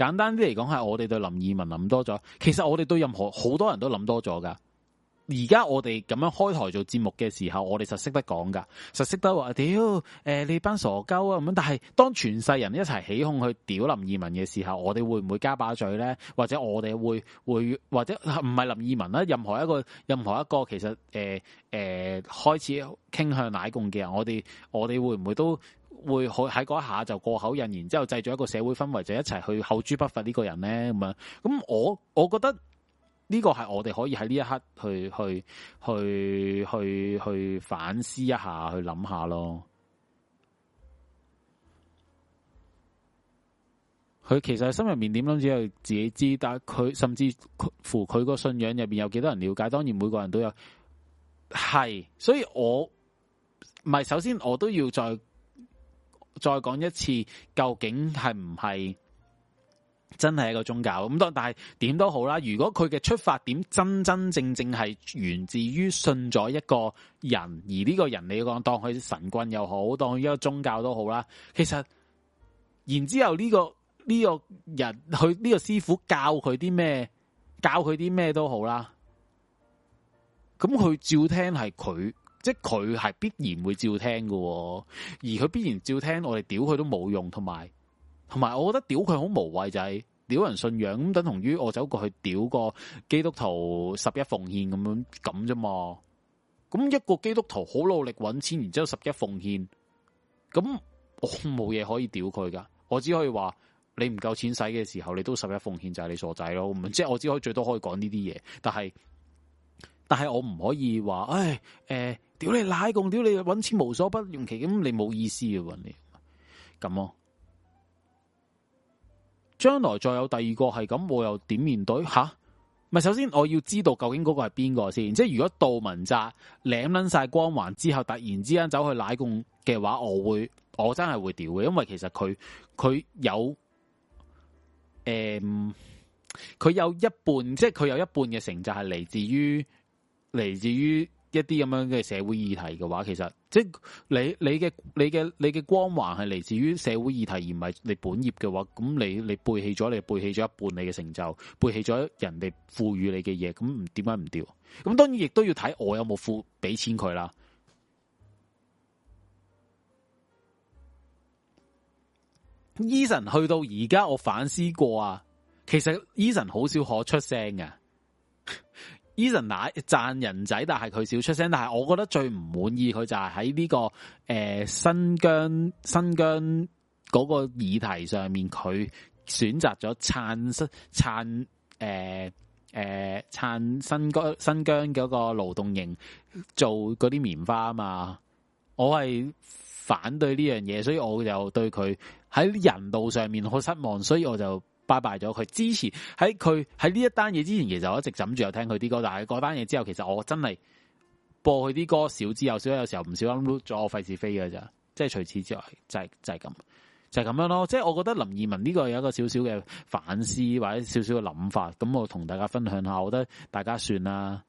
簡單啲嚟講，係我哋對林二汶諗多咗。其實我哋對任何好多人都諗多咗噶。而家我哋咁樣開台做節目嘅時候，我哋就識得講噶，就識得話屌，誒、呃，你班傻鳩啊咁樣。但係當全世人一齊起哄去屌林二汶嘅時候，我哋會唔會加把嘴咧？或者我哋會會或者唔係林二汶啦，任何一個任何一個其實誒誒、呃呃、開始傾向奶共嘅人，我哋我哋會唔會都？會去喺嗰一下就過口癮，然之後製造一個社會氛圍，就一齊去口誅筆伐呢個人呢，咁樣。咁我我覺得呢個係我哋可以喺呢一刻去去去去去反思一下，去諗下咯。佢其實佢心入面點諗，只有自己知道。但係佢甚至乎佢個信仰入邊有幾多人了解，當然每個人都有係。所以我唔係首先我都要再。再講一次，究竟係唔係真係一個宗教咁？但係點都好啦，如果佢嘅出發點真真正正係源自於信咗一個人，而呢個人你講當佢神棍又好，當佢一個宗教都好啦，其實然之後呢個呢個人佢呢個師傅教佢啲咩，教佢啲咩都好啦，咁佢照聽係佢。即係佢係必然會照聽喎、哦，而佢必然照聽，我哋屌佢都冇用，同埋同埋，我覺得屌佢好無謂就係、是、屌人信仰，咁等同於我走過去屌個基督徒十一奉獻咁樣咁啫嘛。咁一個基督徒好努力揾錢，然之後十一奉獻，咁我冇嘢可以屌佢噶，我只可以話你唔夠錢使嘅時候，你都十一奉獻就係你傻仔咯，唔即係我只可以最多可以講呢啲嘢，但係。但係我唔可以話、哎，誒，誒，屌你奶共，屌你揾錢無所不用其咁，你冇意思嘅喎，你咁咯。將、啊、來再有第二個係咁，我又點面對吓？咪首先我要知道究竟嗰個係邊個先？即係如果杜汶澤舐撚晒光環之後，突然之間走去奶共嘅話，我會我真係會屌嘅，因為其實佢佢有誒，佢、哎、有一半，即係佢有一半嘅成就係嚟自於。嚟自於一啲咁樣嘅社會議題嘅話，其實即係你你嘅你嘅你嘅光環係嚟自於社會議題，而唔係你本業嘅話，咁你你背棄咗，你背棄咗一半你嘅成就，背棄咗人哋賦予你嘅嘢，咁點解唔掉？咁當然亦都要睇我有冇付俾錢佢啦。 Eason 去到而家，我反思過啊，其實 Eason 好少可出聲㗎。Eason 奶讚人仔，但係佢少出聲。但係我覺得最唔滿意佢就係喺呢個誒、呃、新疆新疆嗰個議題上面，佢選擇咗撐，撐，呃呃、撐新撐誒誒新疆新疆嗰個勞動營做嗰啲棉花啊嘛，我係反對呢樣嘢，所以我就對佢喺人道上面好失望，所以我就。拜拜咗佢。之前喺佢喺呢一單嘢之前，其實我一直諗住有聽佢啲歌。但係嗰單嘢之後，其實我真係播佢啲歌少之又少。有時候唔小心碌咗，我費事飛㗎咋。即係除此之外，就係就係咁，就係咁樣咯。即係我覺得林二汶呢個有一個少少嘅反思或者少少嘅諗法。咁我同大家分享下，我覺得大家算啦，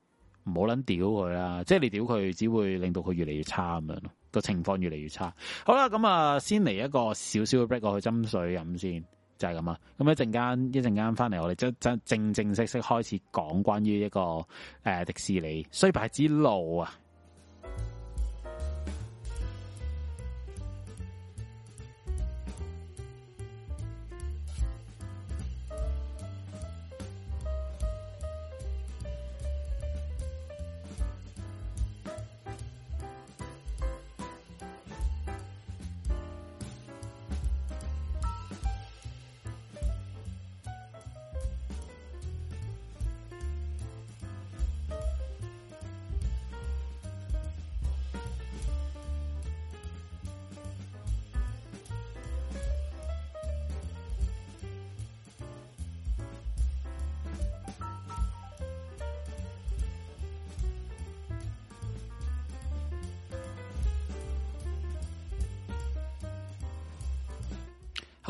唔好捻屌佢啦。即係你屌佢，只會令到佢越嚟越差咁樣咯。個情況越嚟越差。好啦，咁啊，先嚟一個少少嘅 break，我去斟水飲先。就係咁啊！咁一陣間一陣間翻嚟，我哋就真正正式式開始講關於一個誒迪士尼衰敗之路啊！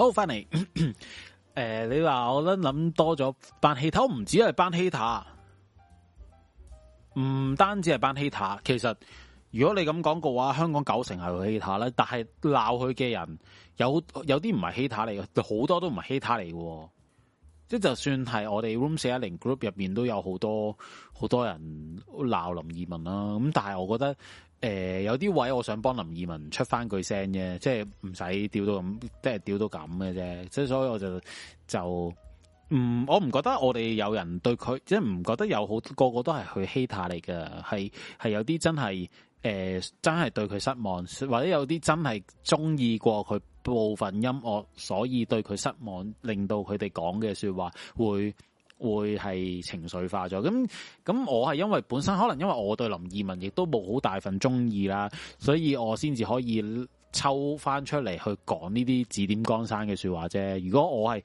好翻嚟，誒、呃，你話我覺得諗多咗，班希塔唔止係班希塔，唔單止係班希塔。其實如果你咁講嘅話，香港九成係希塔咧，但係鬧佢嘅人有有啲唔係希塔嚟，好多都唔係希塔嚟。即係就算係我哋 room 四一零 group 入邊都有好多好多人鬧林二汶啦，咁但係我覺得。誒、呃、有啲位我想幫林二汶出翻句聲啫，即係唔使吊到咁，即係吊到咁嘅啫。即係所以我就就唔、嗯，我唔覺得我哋有人對佢，即係唔覺得有好個個都係去 hater 嚟嘅，係係有啲真係、呃、真係對佢失望，或者有啲真係中意過佢部分音樂，所以對佢失望，令到佢哋講嘅說話會。會係情緒化咗，咁咁我係因為本身可能因為我對林二汶亦都冇好大份中意啦，所以我先至可以抽翻出嚟去講呢啲指點江山嘅說話啫。如果我係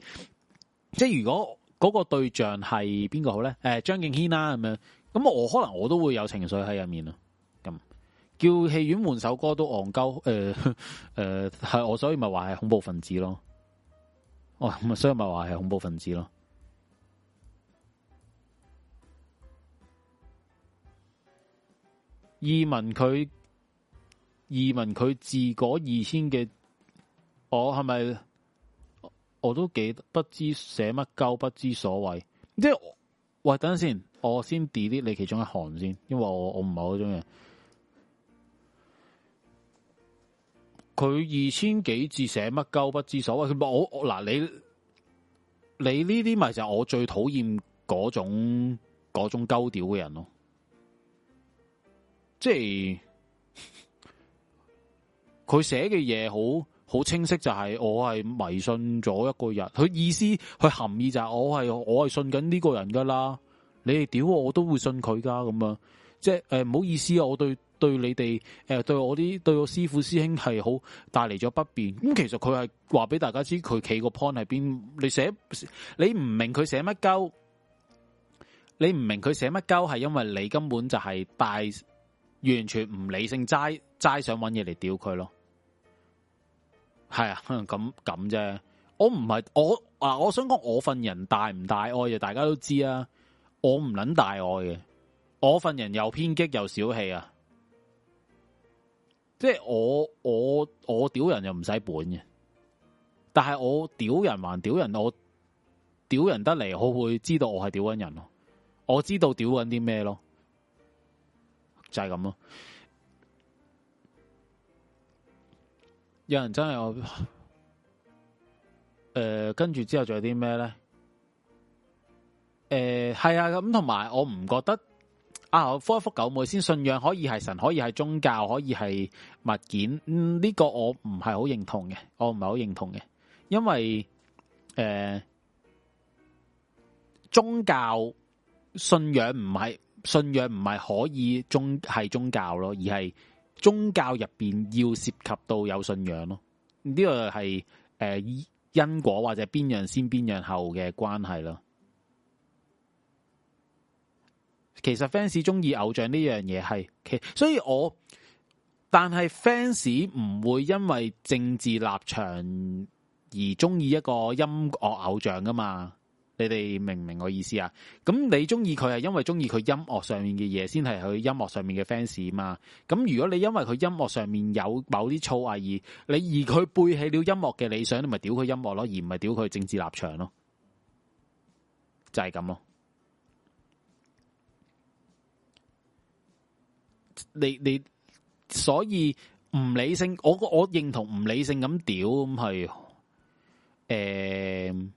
即係如果嗰個對象係邊個好咧？誒、欸，張敬軒啦咁樣，咁我可能我都會有情緒喺入面咯。咁叫戲院換首歌都戇鳩，誒、呃、誒，係、呃、我所以咪話係恐怖分子咯。哦、啊，咁所以咪話係恐怖分子咯。意文佢意文佢字嗰二千嘅，我係咪我都記得不知寫乜鳩不知所謂？即係喂，等陣先，我先 delete 你其中一行先，因為我我唔係好中意佢二千幾字寫乜鳩不知所謂？佢我我嗱，你你呢啲咪就係我最討厭嗰種嗰種鳩屌嘅人咯。即係佢寫嘅嘢，好好清晰。就係我係迷信咗一個人，佢意思佢含義就係我係我係信緊呢個人噶啦。你哋屌我，我都會信佢噶咁啊。即係誒，唔、呃、好意思啊，我對對你哋誒、呃，對我啲對我師父師兄係好帶嚟咗不便。咁、嗯、其實佢係話俾大家知佢企個 point 喺邊。你寫你唔明佢寫乜鳩，你唔明佢寫乜鳩，係因為你根本就係拜。完全唔理性，齋齋想揾嘢嚟屌佢咯，係啊，咁咁啫。我唔係我嗱，啊，我想講我份人大唔大愛啊，大家都知啊。我唔捻大愛嘅，我份人又偏激又小氣啊。即係我我我屌人又唔使本嘅，但係我屌人還屌人，我屌人得嚟，好會知道我係屌緊人咯，我知道屌緊啲咩咯。就係咁咯，有人真係我，誒、呃，跟住之後仲有啲咩咧？誒、呃，係啊，咁同埋我唔覺得啊，我敷一敷狗妹先，信仰可以係神，可以係宗教，可以係物件，呢、嗯，這個我唔係好認同嘅，我唔係好認同嘅，因為誒、呃，宗教信仰唔係。信仰唔係可以宗係宗教咯，而係宗教入邊要涉及到有信仰咯。呢個係、誒、因果或者邊樣先邊樣後嘅關係咯。其實 fans 中意偶像呢樣嘢係，所以我但係 fans 唔會因為政治立場而中意一個音樂偶像噶嘛。你哋明唔明我意思啊？咁你中意佢係因為中意佢音樂上面嘅嘢，先係佢音樂上面嘅 fans 嘛？咁如果你因為佢音樂上面有某啲粗啊，而你而佢背棄了音樂嘅理想，你咪屌佢音樂咯，而唔係屌佢政治立場咯，就係咁咯。你你所以唔理性，我我認同唔理性咁屌咁係誒。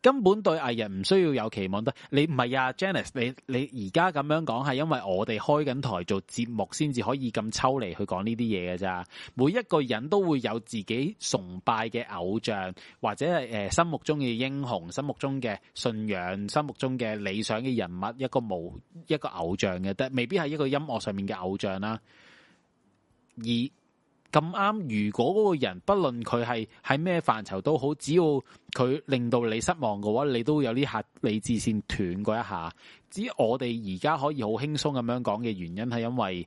根本對藝人唔需要有期望得，你唔係啊，Janice，你你而家咁樣講係因為我哋開緊台做節目先至可以咁抽離去講呢啲嘢㗎。咋，每一個人都會有自己崇拜嘅偶像，或者係、呃、心目中嘅英雄、心目中嘅信仰、心目中嘅理想嘅人物，一個無一個偶像嘅，得未必係一個音樂上面嘅偶像啦，而。咁啱，如果嗰個人不論佢係喺咩範疇都好，只要佢令到你失望嘅話，你都有啲客理智線斷過一下。至於我哋而家可以好輕鬆咁樣講嘅原因係因為，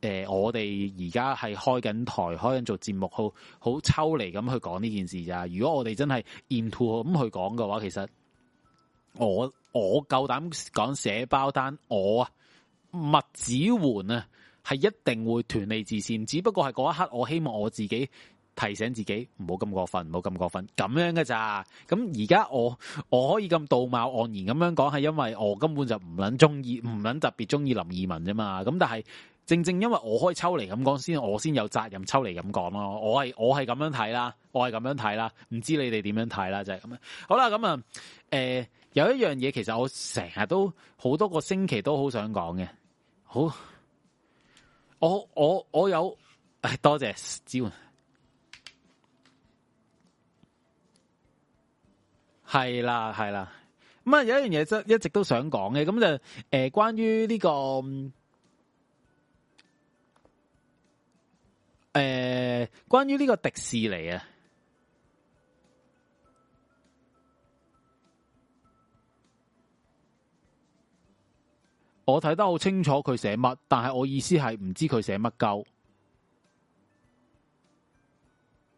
誒、呃，我哋而家係開緊台，開緊做節目，好好抽離咁去講呢件事咋。如果我哋真係沿途咁去講嘅話，其實我我夠膽講寫包單，我啊麥子煥啊。係一定會團力自善，只不過係嗰一刻，我希望我自己提醒自己，唔好咁過分，唔好咁過分，咁樣嘅咋？咁而家我我可以咁道貌岸然咁樣講，係因為我根本就唔捻中意，唔捻特別中意林二汶啫嘛。咁但係正正因為我可以抽離咁講，先我先有責任抽離咁講咯。我係我係咁樣睇啦，我係咁樣睇啦，唔知你哋點樣睇啦，就係咁樣。好啦，咁啊，誒、呃，有一樣嘢，其實我成日都好多個星期都好想講嘅，好。我我我有，哎、多謝支援係啦係啦，咁啊、嗯、有一樣嘢真一直都想講嘅，咁就誒、呃、關於呢、個誒、呃、關於呢個迪士尼啊。我睇得好清楚佢寫乜，但係我意思係唔知佢寫乜鳩。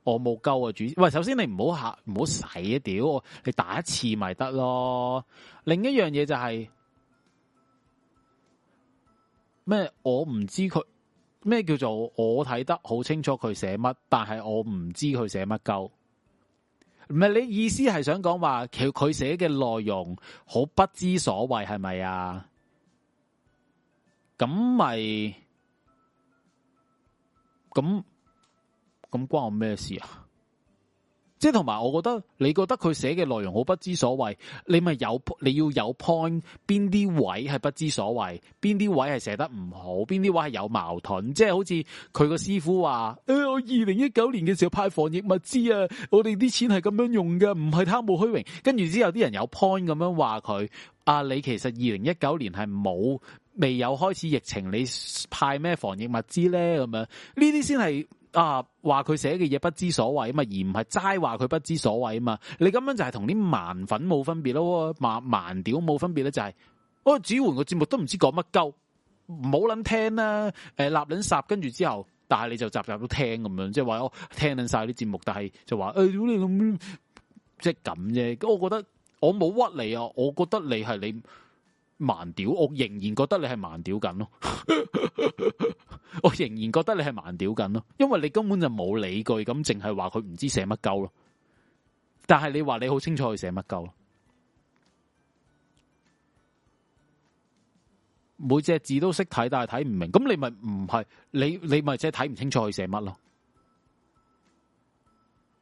我冇鳩啊，主。喂，首先你唔好吓，唔好洗屌、啊，你打一次咪得咯。另一樣嘢就係、是、咩？我唔知佢咩叫做我睇得好清楚佢寫乜，但係我唔知佢寫乜鳩。唔係，你意思係想講話其實佢佢寫嘅內容好不知所謂係咪啊？咁咪咁咁關我咩事啊？即係同埋，我覺得你覺得佢寫嘅內容好不知所謂，你咪有你要有 point，邊啲位係不知所謂，邊啲位係寫得唔好，邊啲位係有矛盾，即係好似佢個師傅話：，誒，我二零一九年嘅時候派防疫物資啊，我哋啲錢係咁樣用嘅，唔係貪慕虛榮。跟住之後，啲人有 point 咁樣話佢：，啊，你其實二零一九年係冇。未有開始疫情，你派咩防疫物資咧？咁樣呢啲先係啊，話佢寫嘅嘢不知所謂啊嘛，而唔係齋話佢不知所謂啊嘛。你咁樣就係同啲盲粉冇分別咯，盲盲屌冇分別咧，就係哦主換個節目都唔知講乜鳩，唔好撚聽啦。誒、呃，立卵霎，跟住之後，但係你就集集都聽咁樣，即係話我聽撚晒啲節目，但係就話誒，屌你咁樣，即係咁啫。咁、就是、我覺得我冇屈你啊，我覺得你係你。盲屌，我仍然覺得你係盲屌緊咯。我仍然覺得你係盲屌緊咯，因為你根本就冇理據咁，淨係話佢唔知寫乜鳩咯。但係你話你好清楚佢寫乜鳩咯？每隻字都識睇，但係睇唔明。咁你咪唔係你你咪即係睇唔清楚佢寫乜咯？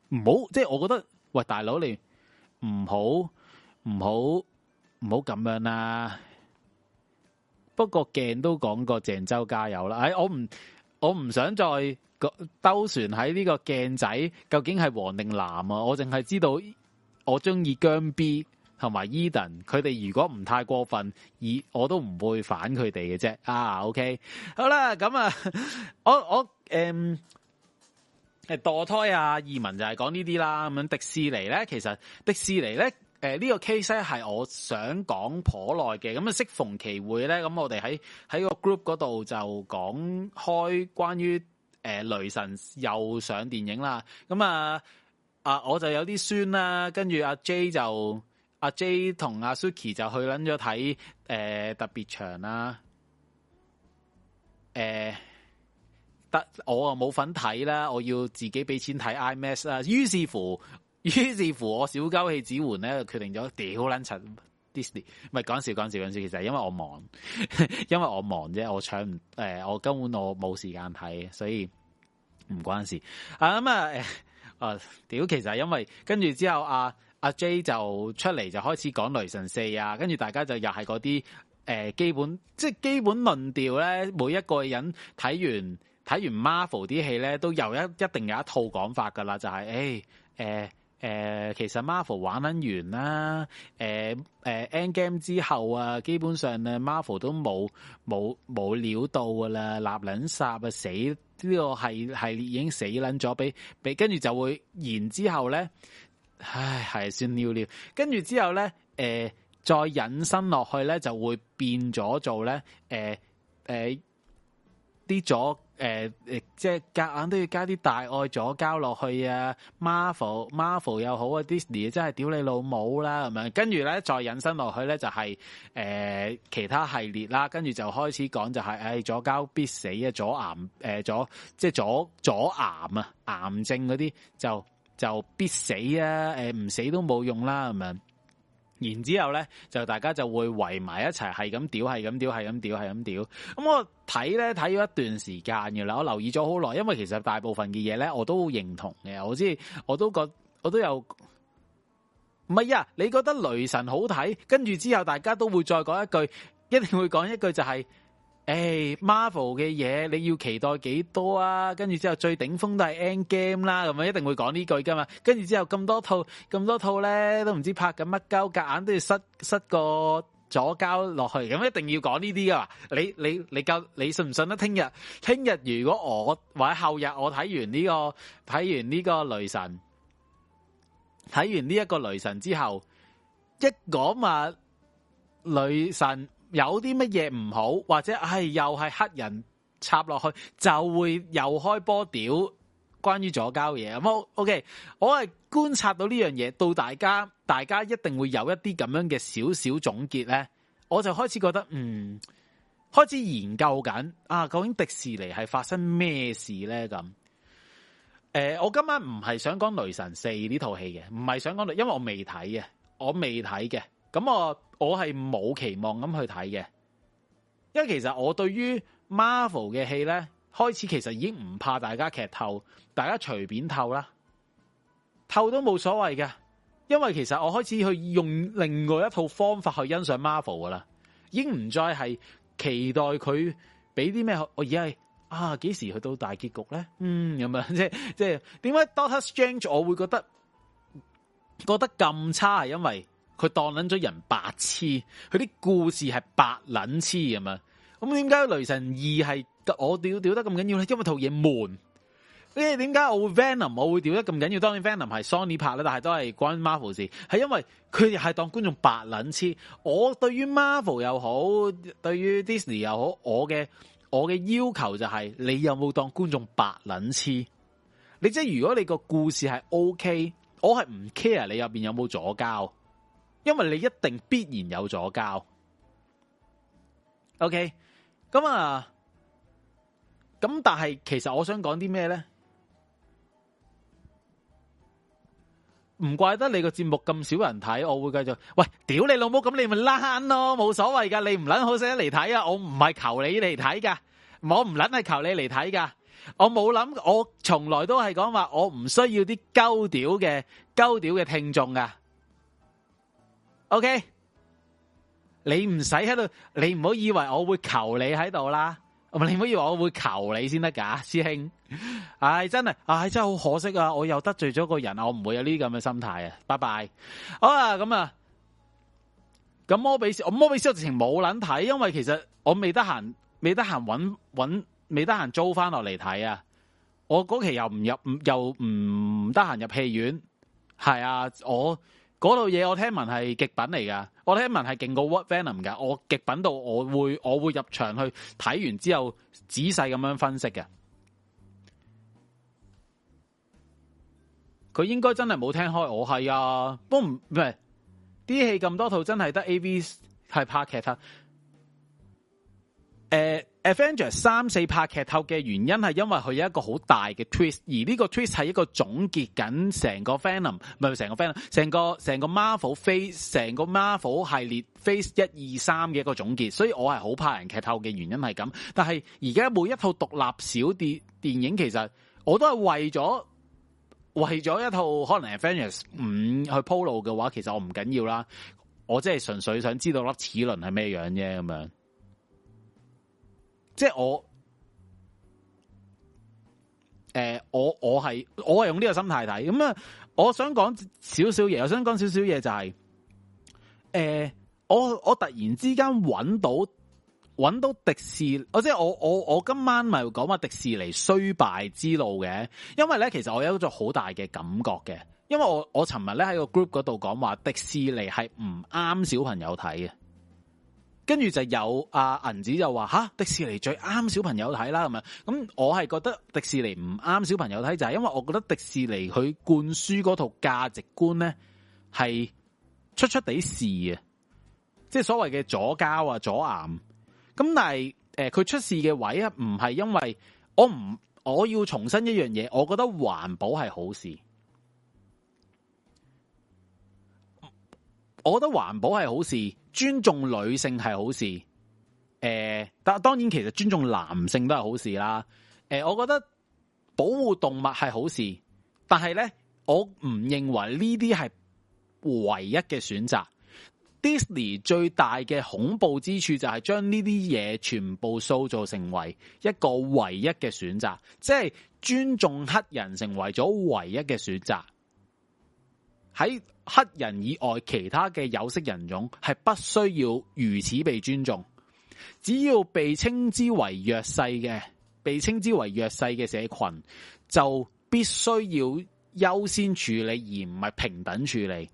唔好，即係我覺得，喂，大佬你唔好唔好。唔好咁樣啦，不過鏡都講過鄭州加油啦。哎，我唔我唔想再兜船喺呢個鏡仔，究竟係黃定藍啊？我淨係知道我中意姜 B 同埋伊 n 佢哋，如果唔太過分，我都唔會反佢哋嘅啫。啊，OK，好啦，咁啊，我我誒，墮、嗯、胎啊，移民就係講呢啲啦。咁樣迪士尼咧，其實迪士尼咧。誒呢、呃這個 case 咧係我想講頗耐嘅，咁、嗯、啊適逢其會咧，咁、嗯、我哋喺喺個 group 嗰度就講開關於誒、呃、雷神又上電影啦，咁、嗯、啊啊我就有啲酸啦、啊，跟住阿 J 就阿、啊、J 同阿 Suki 就去撚咗睇誒特別場啦、啊，誒、呃、得我啊冇份睇啦，我要自己俾錢睇 IMAX 啦，於是乎。於是乎，我小鳩氣指環咧，就決定咗屌撚柒 Disney。唔係講笑，講笑，講笑。其實係因為我忙，因為我忙啫，我搶唔誒，我根本我冇時間睇，所以唔關事。啊咁啊誒，啊、呃、屌！其實係因為跟住之後啊啊，啊，阿 J 就出嚟就開始講《雷神四》啊，跟住大家就又係嗰啲誒，基本即係基本論調咧。每一個人睇完睇完 Marvel 啲戲咧，都有一一定有一套講法噶啦，就係誒誒。欸呃誒、呃，其實 Marvel 玩撚完啦，誒、呃、誒、呃，Endgame 之後啊，基本上咧 Marvel 都冇冇冇料到噶啦，立撚殺啊死！呢、呢個係系列已經死撚咗，俾俾跟住就會，然之後呢料料之後咧，唉係算了了，跟住之後咧，誒再引申落去咧，就會變咗做咧，誒誒啲咗。呃誒、呃、即係夾硬都要加啲大愛左膠落去啊！Marvel Marvel 又好啊，Disney 真係屌你老母啦、啊，咁樣跟住咧再引申落去咧就係、是、誒、呃、其他系列啦，跟住就開始講就係、是、誒、哎、左膠必死啊，左癌誒、呃、左即係左左癌啊，癌症嗰啲就就必死啊，唔、呃、死都冇用啦，咁樣。然之後呢，就大家就會圍埋一齊，係咁屌，係咁屌，係咁屌，係咁屌。咁我睇呢，睇咗一段時間，原來我留意咗好耐，因為其實大部分嘅嘢呢，我都認同嘅，我知我都覺得我都有。唔係啊，你覺得雷神好睇，跟住之後大家都會再講一句，一定會講一句就係。誒、hey，Marvel 嘅嘢你要期待幾多啊？跟住之後最頂峰都係 End Game 啦，咁啊一定會講呢句噶嘛。跟住之後咁多套咁多套咧，都唔知拍緊乜鳩，夾硬都要塞塞個左膠落去，咁一定要講呢啲噶。你你你夠你信唔信得？聽日聽日如果我或者後日我睇完呢個睇完呢個雷神，睇完呢一個雷神之後，一講啊雷神，有啲乜嘢唔好，或者、哎、又係黑人插落去，就會又開波屌，關於左膠嘢。咁 OK 我係觀察到呢樣嘢，到大家，大家一定會有一啲咁樣嘅少少總結呢，我就開始覺得，嗯，開始研究緊啊，究竟迪士尼係發生咩事呢？咁，誒、呃，我今晚唔係想講《雷神四》呢套戲嘅，唔係想講《雷》，因為我未睇嘅，我未睇嘅，咁我。我係冇期望咁去睇嘅，因為其實我對於 Marvel 嘅戲咧，開始其實已經唔怕大家劇透，大家隨便透啦，透都冇所謂嘅。因為其實我開始去用另外一套方法去欣賞 Marvel 噶啦，已經唔再係期待佢俾啲咩。我而家係啊，幾時去到大結局咧？嗯，咁樣即係即係點解 Doctor Strange 我會覺得覺得咁差？係因為……佢當捻咗人白痴，佢啲故事係白捻痴咁嘛。咁點解《雷神二》係我屌屌得咁緊要咧？因為套嘢悶。誒，點解我會 Venom？我會屌得咁緊要？當然 Venom 係 Sony 拍啦，但係都係關 Marvel 事。係因為佢哋係當觀眾白捻痴。我對於 Marvel 又好，對於 Disney 又好，我嘅我嘅要求就係你有冇當觀眾白捻痴？你即係如果你個故事係 OK，我係唔 care 你入邊有冇左膠。因為你一定必然有咗交，OK，咁啊，咁但係其實我想講啲咩咧？唔怪得你個節目咁少人睇，我會繼續，喂，屌你老母，咁你咪 run 咯，冇所謂噶，你唔捻好死嚟睇啊！我唔係求你嚟睇噶，我唔捻係求你嚟睇噶，我冇諗，我從來都係講話我唔需要啲鳩屌嘅鳩屌嘅聽眾噶。O、okay. K，你唔使喺度，你唔好以為我會求你喺度啦。你唔好以為我會求你先得㗎，師兄。唉、哎，真係，唉、哎，真係好可惜啊！我又得罪咗個人，我唔會有呢咁嘅心態啊。拜拜。好啦咁啊，咁、啊《摩比斯》，我《魔比斯》我直情冇撚睇，因為其實我未得閒，未得閒搵搵，未得閒租翻落嚟睇啊。我嗰期又唔入，又唔得閒入戲院。係啊，我。嗰套嘢我聽聞係極品嚟噶，我聽聞係勁過 What Venom 噶，我極品到我會我會入場去睇完之後仔細咁樣分析嘅。佢應該真係冇聽開我係啊，不過唔係啲戲咁多套真係得 AV 係拍劇啊，誒。《Avengers》三四拍劇透嘅原因係因為佢有一個好大嘅 twist，而呢個 twist 係一個總結緊成個 f i o m 咪咪成個 film，成個成個 Marvel face，成個 Marvel 系列 face 123嘅一個總結，所以我係好怕人劇透嘅原因係咁。但係而家每一套獨立小電影其實我都係為咗為咗一套可能《Avengers》五去鋪路嘅話，其實我唔緊要啦，我真係純粹想知道粒齒輪係咩樣啫咁樣。即係我，誒、呃，我我係我係用呢個心態睇，咁啊，我想講少少嘢，我想講少少嘢就係，誒，我我突然之間揾到揾到迪士尼，即我即係我我我今晚咪講話迪士尼衰敗之路嘅，因為咧其實我有一種好大嘅感覺嘅，因為我我尋日咧喺個 group 嗰度講話迪士尼係唔啱小朋友睇嘅。跟住就有阿銀子就話，吓，迪士尼最啱小朋友睇啦。咁咁我係覺得迪士尼唔啱小朋友睇就係、是、因為我覺得迪士尼佢灌輸嗰套價值觀呢係出出地事的啊，即係所謂嘅左膠啊左癌，咁但係佢、呃、出事嘅位啊唔係因為我唔我要重申一樣嘢，我覺得環保係好事。我覺得環保係好事，尊重女性係好事，誒、呃，但當然其實尊重男性都係好事啦。誒、呃，我覺得保護動物係好事，但係咧，我唔認為呢啲係唯一嘅選擇。Disney 最大嘅恐怖之處就係將呢啲嘢全部塑造成為一個唯一嘅選擇，即係尊重黑人成為咗唯一嘅選擇，喺。黑人以外，其他嘅有色人種係不需要如此被尊重。只要被稱之為弱勢嘅，被稱之為弱勢嘅社群，就必須要優先處理，而唔係平等處理。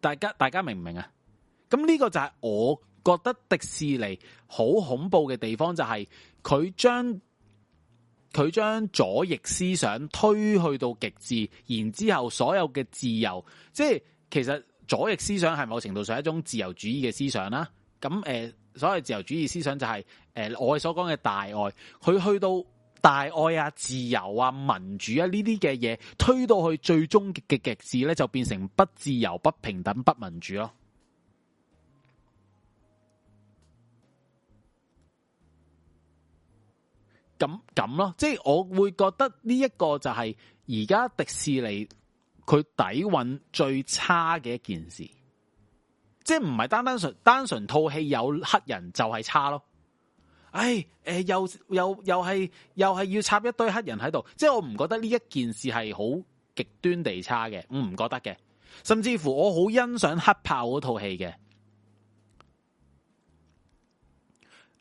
大家，大家明唔明啊？咁呢個就係我覺得迪士尼好恐怖嘅地方，就係佢將。佢將左翼思想推去到極致，然之後所有嘅自由，即係其實左翼思想係某程度上一種自由主義嘅思想啦、啊。咁、呃、所謂自由主義思想就係、是、誒、呃、我哋所講嘅大愛，佢去到大愛啊、自由啊、民主啊呢啲嘅嘢，推到去最終極嘅極致咧，就變成不自由、不平等、不民主咯。咁咁咯，即係我會覺得呢一個就係而家迪士尼佢底蘊最差嘅一件事，即係唔係單單純單純套戲有黑人就係差咯。唉、哎，誒、呃，又又又係又係要插一堆黑人喺度，即係我唔覺得呢一件事係好極端地差嘅，我唔覺得嘅。甚至乎我好欣賞黑豹嗰套戲嘅，誒、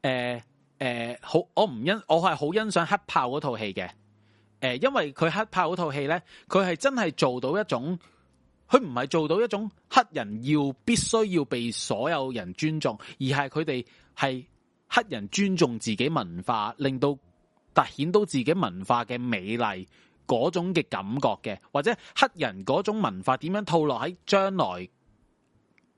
呃。誒，好、呃，我唔欣，我係好欣賞黑豹嗰套戲嘅。誒、呃，因為佢黑豹嗰套戲咧，佢係真係做到一種，佢唔係做到一種黑人要必須要被所有人尊重，而係佢哋係黑人尊重自己文化，令到凸顯到自己文化嘅美麗嗰種嘅感覺嘅，或者黑人嗰種文化點樣套落喺將來，誒、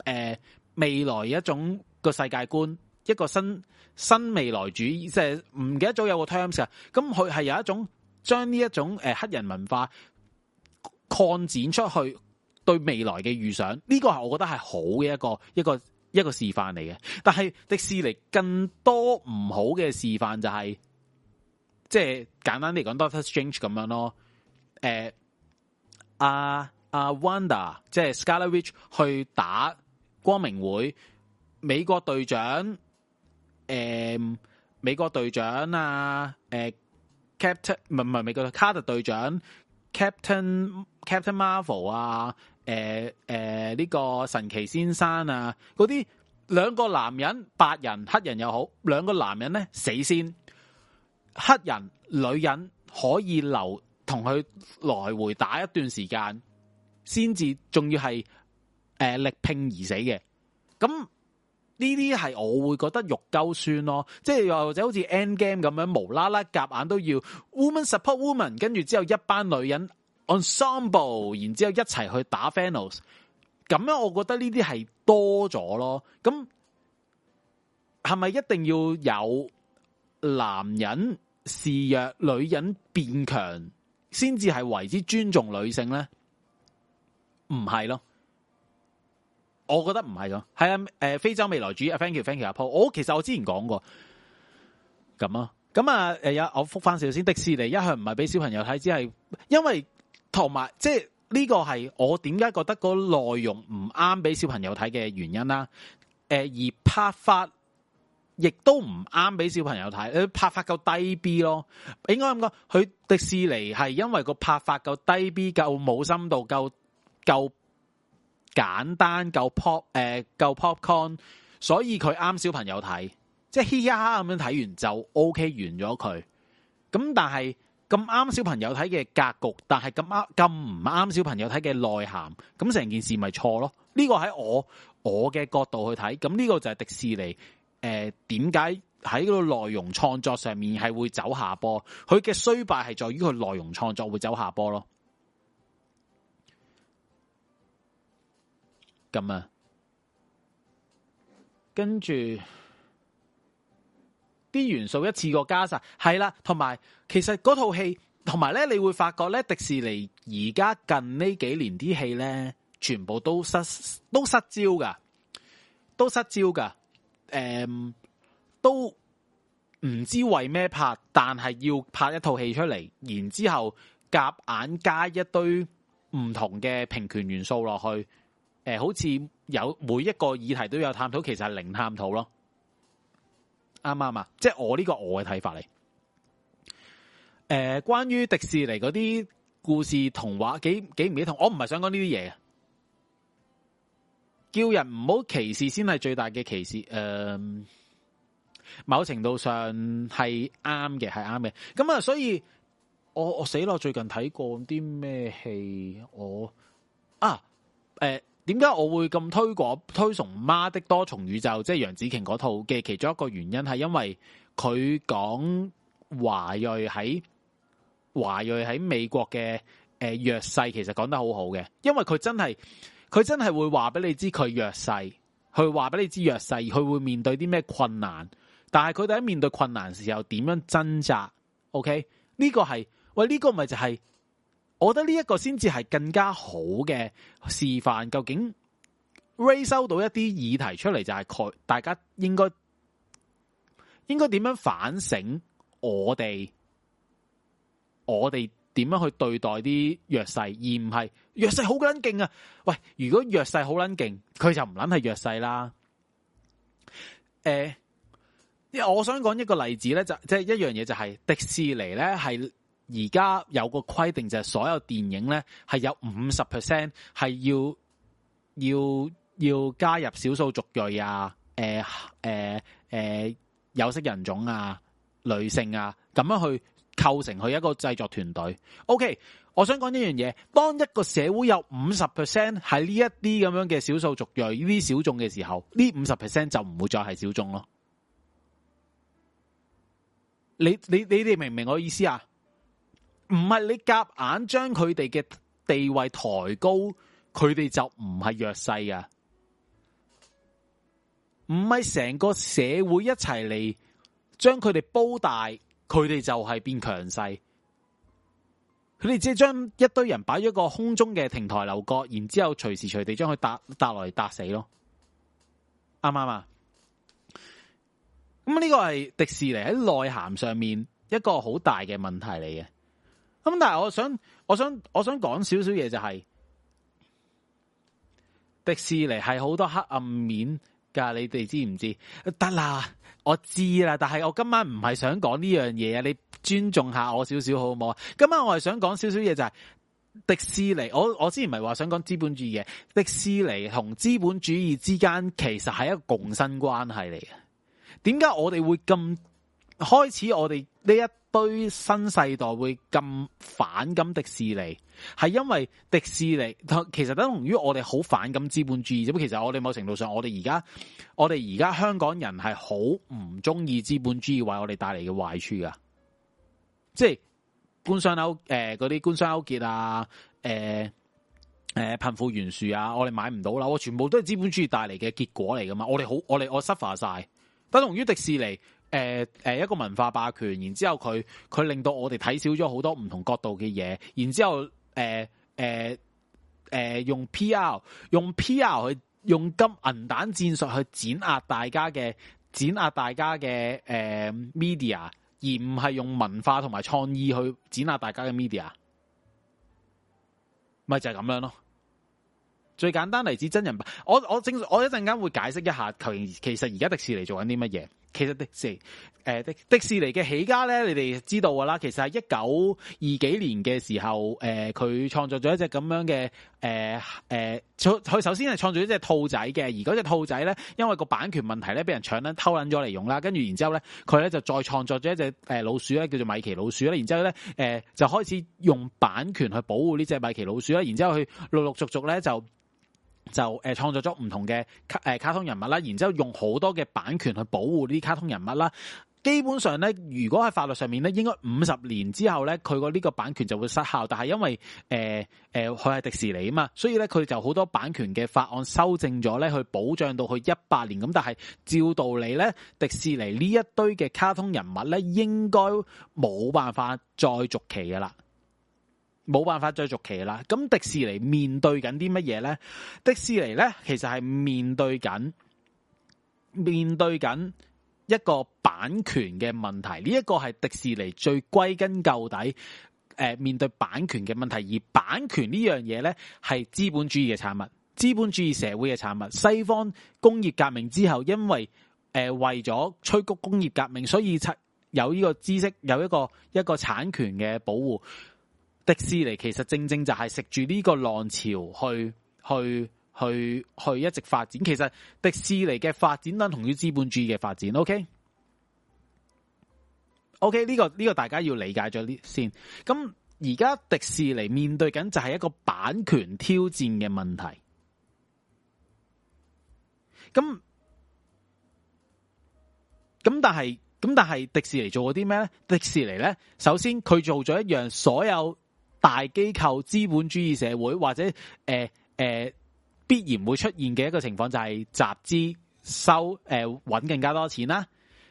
呃、未來一種個世界觀。一個新新未來主義，即係唔記得咗有個 terms 啊！咁佢係有一種將呢一種誒黑人文化擴展出去對未來嘅預想，呢個係我覺得係好嘅一個一個一個示範嚟嘅。但係迪士尼更多唔好嘅示範就係，即係簡單嚟講，Doctor Strange 咁樣咯。誒，阿阿 Wanda 即係 Scarlet Witch 去打光明會，美國隊長。誒、呃，美國隊長啊，誒、呃、Captain 唔唔係美國卡特隊長，Captain Captain Marvel 啊，誒、呃、誒，呢、呃這個神奇先生啊，啲兩個男人，白人、黑人又好，兩個男人咧死先，黑人女人可以留同佢來回打一段時間，先至仲要係誒、呃、力拼而死嘅，咁。呢啲係我會覺得肉鳩酸咯，即係又或者好似 end game 咁樣，無啦啦夾硬都要 woman support woman，跟住之後一班女人 ensemble，然之後一齊去打 finals，咁樣我覺得呢啲係多咗咯。咁係咪一定要有男人示弱，女人變強，先至係為之尊重女性咧？唔係咯。我覺得唔係咁，係啊，誒，非洲未來主義，阿 Frankie Frankie 阿 Paul，我其實我之前講過咁啊，咁啊，誒，有我覆翻少少迪士尼一向唔係俾小朋友睇，只係因為同埋即係呢個係我點解覺得個內容唔啱俾小朋友睇嘅原因啦，誒，而拍法亦都唔啱俾小朋友睇，拍法夠低 B 咯，應該咁講，佢迪士尼係因為個拍法夠低 B，夠冇深度，夠夠。夠簡單夠 pop 誒、呃、夠 popcorn，所以佢啱小朋友睇，即係嘻嘻哈哈咁樣睇完就 OK 完咗佢。咁但係咁啱小朋友睇嘅格局，但係咁啱咁唔啱小朋友睇嘅內涵，咁成件事咪錯咯？呢、呢個喺我我嘅角度去睇，咁呢個就係迪士尼誒點解喺個內容創作上面係會走下坡，佢嘅衰敗係在於佢內容創作會走下坡咯。咁啊，跟住啲元素一次過加晒係啦，同埋其實嗰套戲同埋咧，你會發覺咧，迪士尼而家近呢幾年啲戲咧，全部都失都失焦噶，都失焦噶，誒，都唔、嗯、知為咩拍，但係要拍一套戲出嚟，然之後夾硬加一堆唔同嘅平權元素落去。誒、呃，好似有每一個議題都有探討，其實係零探討咯，啱唔啱啊？即係我呢個我嘅睇法嚟。誒、呃，關於迪士尼嗰啲故事童話幾幾唔相同，我唔係想講呢啲嘢啊，叫人唔好歧視先係最大嘅歧視。誒、呃，某程度上係啱嘅，係啱嘅。咁啊，所以我我死咯，最近睇過啲咩戲？我啊，誒、呃。點解我會咁推廣推崇《媽的多重宇宙》？即係楊紫瓊嗰套嘅其中一個原因，係因為佢講華裔喺華裔喺美國嘅誒、呃、弱勢，其實講得很好好嘅。因為佢真係佢真係會話俾你知佢弱勢，去話俾你知弱勢，佢會面對啲咩困難。但係佢哋喺面對困難的時候點樣掙扎？OK，呢個係喂呢、呢個咪就係、是。我覺得呢一個先至係更加好嘅示範。究竟 Ray 收到一啲議題出嚟，就係佢大家應該應該點樣反省我哋？我哋點樣去對待啲弱勢？而唔係弱勢好捻勁啊！喂，如果弱勢好捻勁，佢就唔捻係弱勢啦。誒、呃，我想講一個例子咧，就即係一樣嘢，就係、是就是，迪士尼咧係。而家有個規定就係所有電影咧，係有五十 percent 係要要要加入少數族裔啊，誒誒誒有色人種啊，女性啊，咁樣去構成佢一個製作團隊。OK，我想講一樣嘢，當一個社會有五十 percent 係呢一啲咁樣嘅少數族裔呢啲小眾嘅時候，呢五十 percent 就唔會再係小眾咯。你你你哋明唔明我意思啊？唔係你夾硬將佢哋嘅地位抬高，佢哋就唔係弱勢啊！唔係成個社會一齊嚟將佢哋煲大，佢哋就係變強勢。佢哋只係將一堆人擺咗個空中嘅亭台樓閣，然之後隨時隨地將佢搭落來打死咯。啱唔啱啊？咁呢個係迪士尼喺內涵上面一個好大嘅問題嚟嘅。咁但係我想我想我想講少少嘢，就係、是、迪士尼係好多黑暗面噶你哋知唔知？得啦，我知啦，但係我今晚唔係想講呢樣嘢啊，你尊重下我少少好唔好啊？今晚我係想講少少嘢就係、是、迪士尼，我我之前咪話想講資本主義嘅迪士尼同資本主義之間其實係一個共生關係嚟嘅。點解我哋會咁開始我哋呢一？對於新世代會咁反感迪士尼，係因為迪士尼其實等同於我哋好反感資本主義啫。咁其實我哋某程度上我，我哋而家我哋而家香港人係好唔中意資本主義為我哋帶嚟嘅壞處噶，即係官商勾誒，嗰、呃、啲官商勾結啊，誒、呃、誒、呃，貧富懸殊啊，我哋買唔到樓，全部都係資本主義帶嚟嘅結果嚟噶嘛。我哋好，我哋我 suffer 晒，等同於迪士尼。誒誒、呃呃，一個文化霸權，然之後佢佢令到我哋睇少咗好多唔同角度嘅嘢，然之後誒誒誒，用 PR 用 PR 去用金銀彈戰術去碾壓大家嘅碾壓大家嘅誒、呃、media，而唔係用文化同埋創意去碾壓大家嘅 media，咪就係咁樣咯。最簡單嚟自真人版，我我正我一陣間會解釋一下，其其實而家迪士尼做緊啲乜嘢。其實迪士誒迪、呃、士尼嘅起家咧，你哋知道噶啦。其實係一九二幾年嘅時候，誒佢創作咗一隻咁樣嘅誒誒，佢、呃呃、首先係創作咗隻兔仔嘅。而嗰隻兔仔咧，因為個版權問題咧，俾人搶撚偷撚咗嚟用啦。跟住然之後咧，佢咧就再創作咗一隻誒老鼠咧，叫做米奇老鼠啦。然之後咧，誒、呃、就開始用版權去保護呢隻米奇老鼠啦。然之後佢陸陸續續咧就。就誒創造咗唔同嘅卡通人物啦，然之後用好多嘅版權去保護呢啲卡通人物啦。基本上呢，如果喺法律上面呢，應該五十年之後呢，佢個呢個版權就會失效。但係因為誒誒佢係迪士尼啊嘛，所以呢，佢就好多版權嘅法案修正咗呢，去保障到去一百年咁。但係照道理呢，迪士尼呢一堆嘅卡通人物呢，應該冇辦法再續期㗎啦。冇辦法再續期啦。咁迪士尼面對緊啲乜嘢呢？迪士尼呢，其實係面對緊面對緊一個版權嘅問題。呢、這、一個係迪士尼最歸根究底、呃、面對版權嘅問題。而版權呢樣嘢呢，係資本主義嘅產物，資本主義社會嘅產物。西方工業革命之後，因為誒、呃、為咗催谷工業革命，所以有呢個知識有一個一個產權嘅保護。迪士尼其實正正就係食住呢個浪潮去去去去一直發展，其實迪士尼嘅發展等同於資本主義嘅發展，OK，OK、OK? OK，呢個呢個大家要理解咗呢先。咁而家迪士尼面對緊就係一個版權挑戰嘅問題。咁咁但係咁但係迪士尼做咗啲咩呢？迪士尼呢，首先佢做咗一樣所有。大機構資本主義社會或者、呃呃、必然會出現嘅一個情況就係、是、集資收誒揾、呃、更加多錢啦，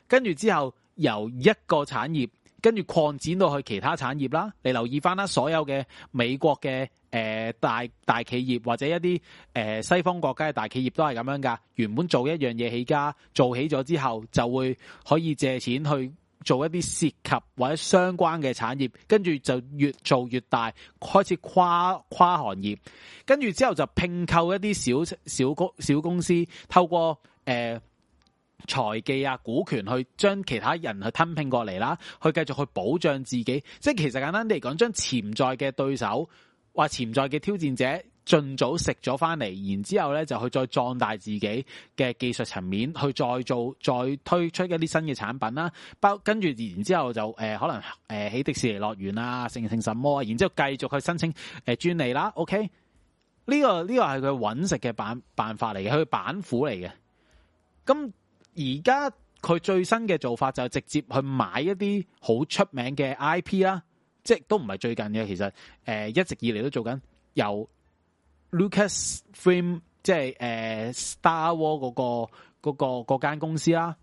跟住之後由一個產業跟住擴展到去其他產業啦。你留意翻啦，所有嘅美國嘅、呃、大大企業或者一啲、呃、西方國家嘅大企業都係咁樣㗎。原本做一樣嘢起家，做起咗之後就會可以借錢去。做一啲涉及或者相關嘅產業，跟住就越做越大，開始跨跨行業，跟住之後就併購一啲小小公小公司，透過誒財、呃、技啊股權去將其他人去吞併過嚟啦，去繼續去保障自己。即係其實簡單啲嚟講，將潛在嘅對手或潛在嘅挑戰者。盡早食咗翻嚟，然之後咧就去再壯大自己嘅技術層面，去再做、再推出一啲新嘅產品啦。包跟住，然之後就可能起喺迪士尼樂園啊，盛盛什麼，然之後繼續去申請誒專利啦。OK，呢、這個呢、這個係佢搵食嘅辦法嚟嘅，佢板斧嚟嘅。咁而家佢最新嘅做法就直接去買一啲好出名嘅 IP 啦，即係都唔係最近嘅，其實誒一直以嚟都做緊有。Lucasfilm 即係誒、呃、Star War 嗰個、嗰個、嗰個間、嗰個、公司啦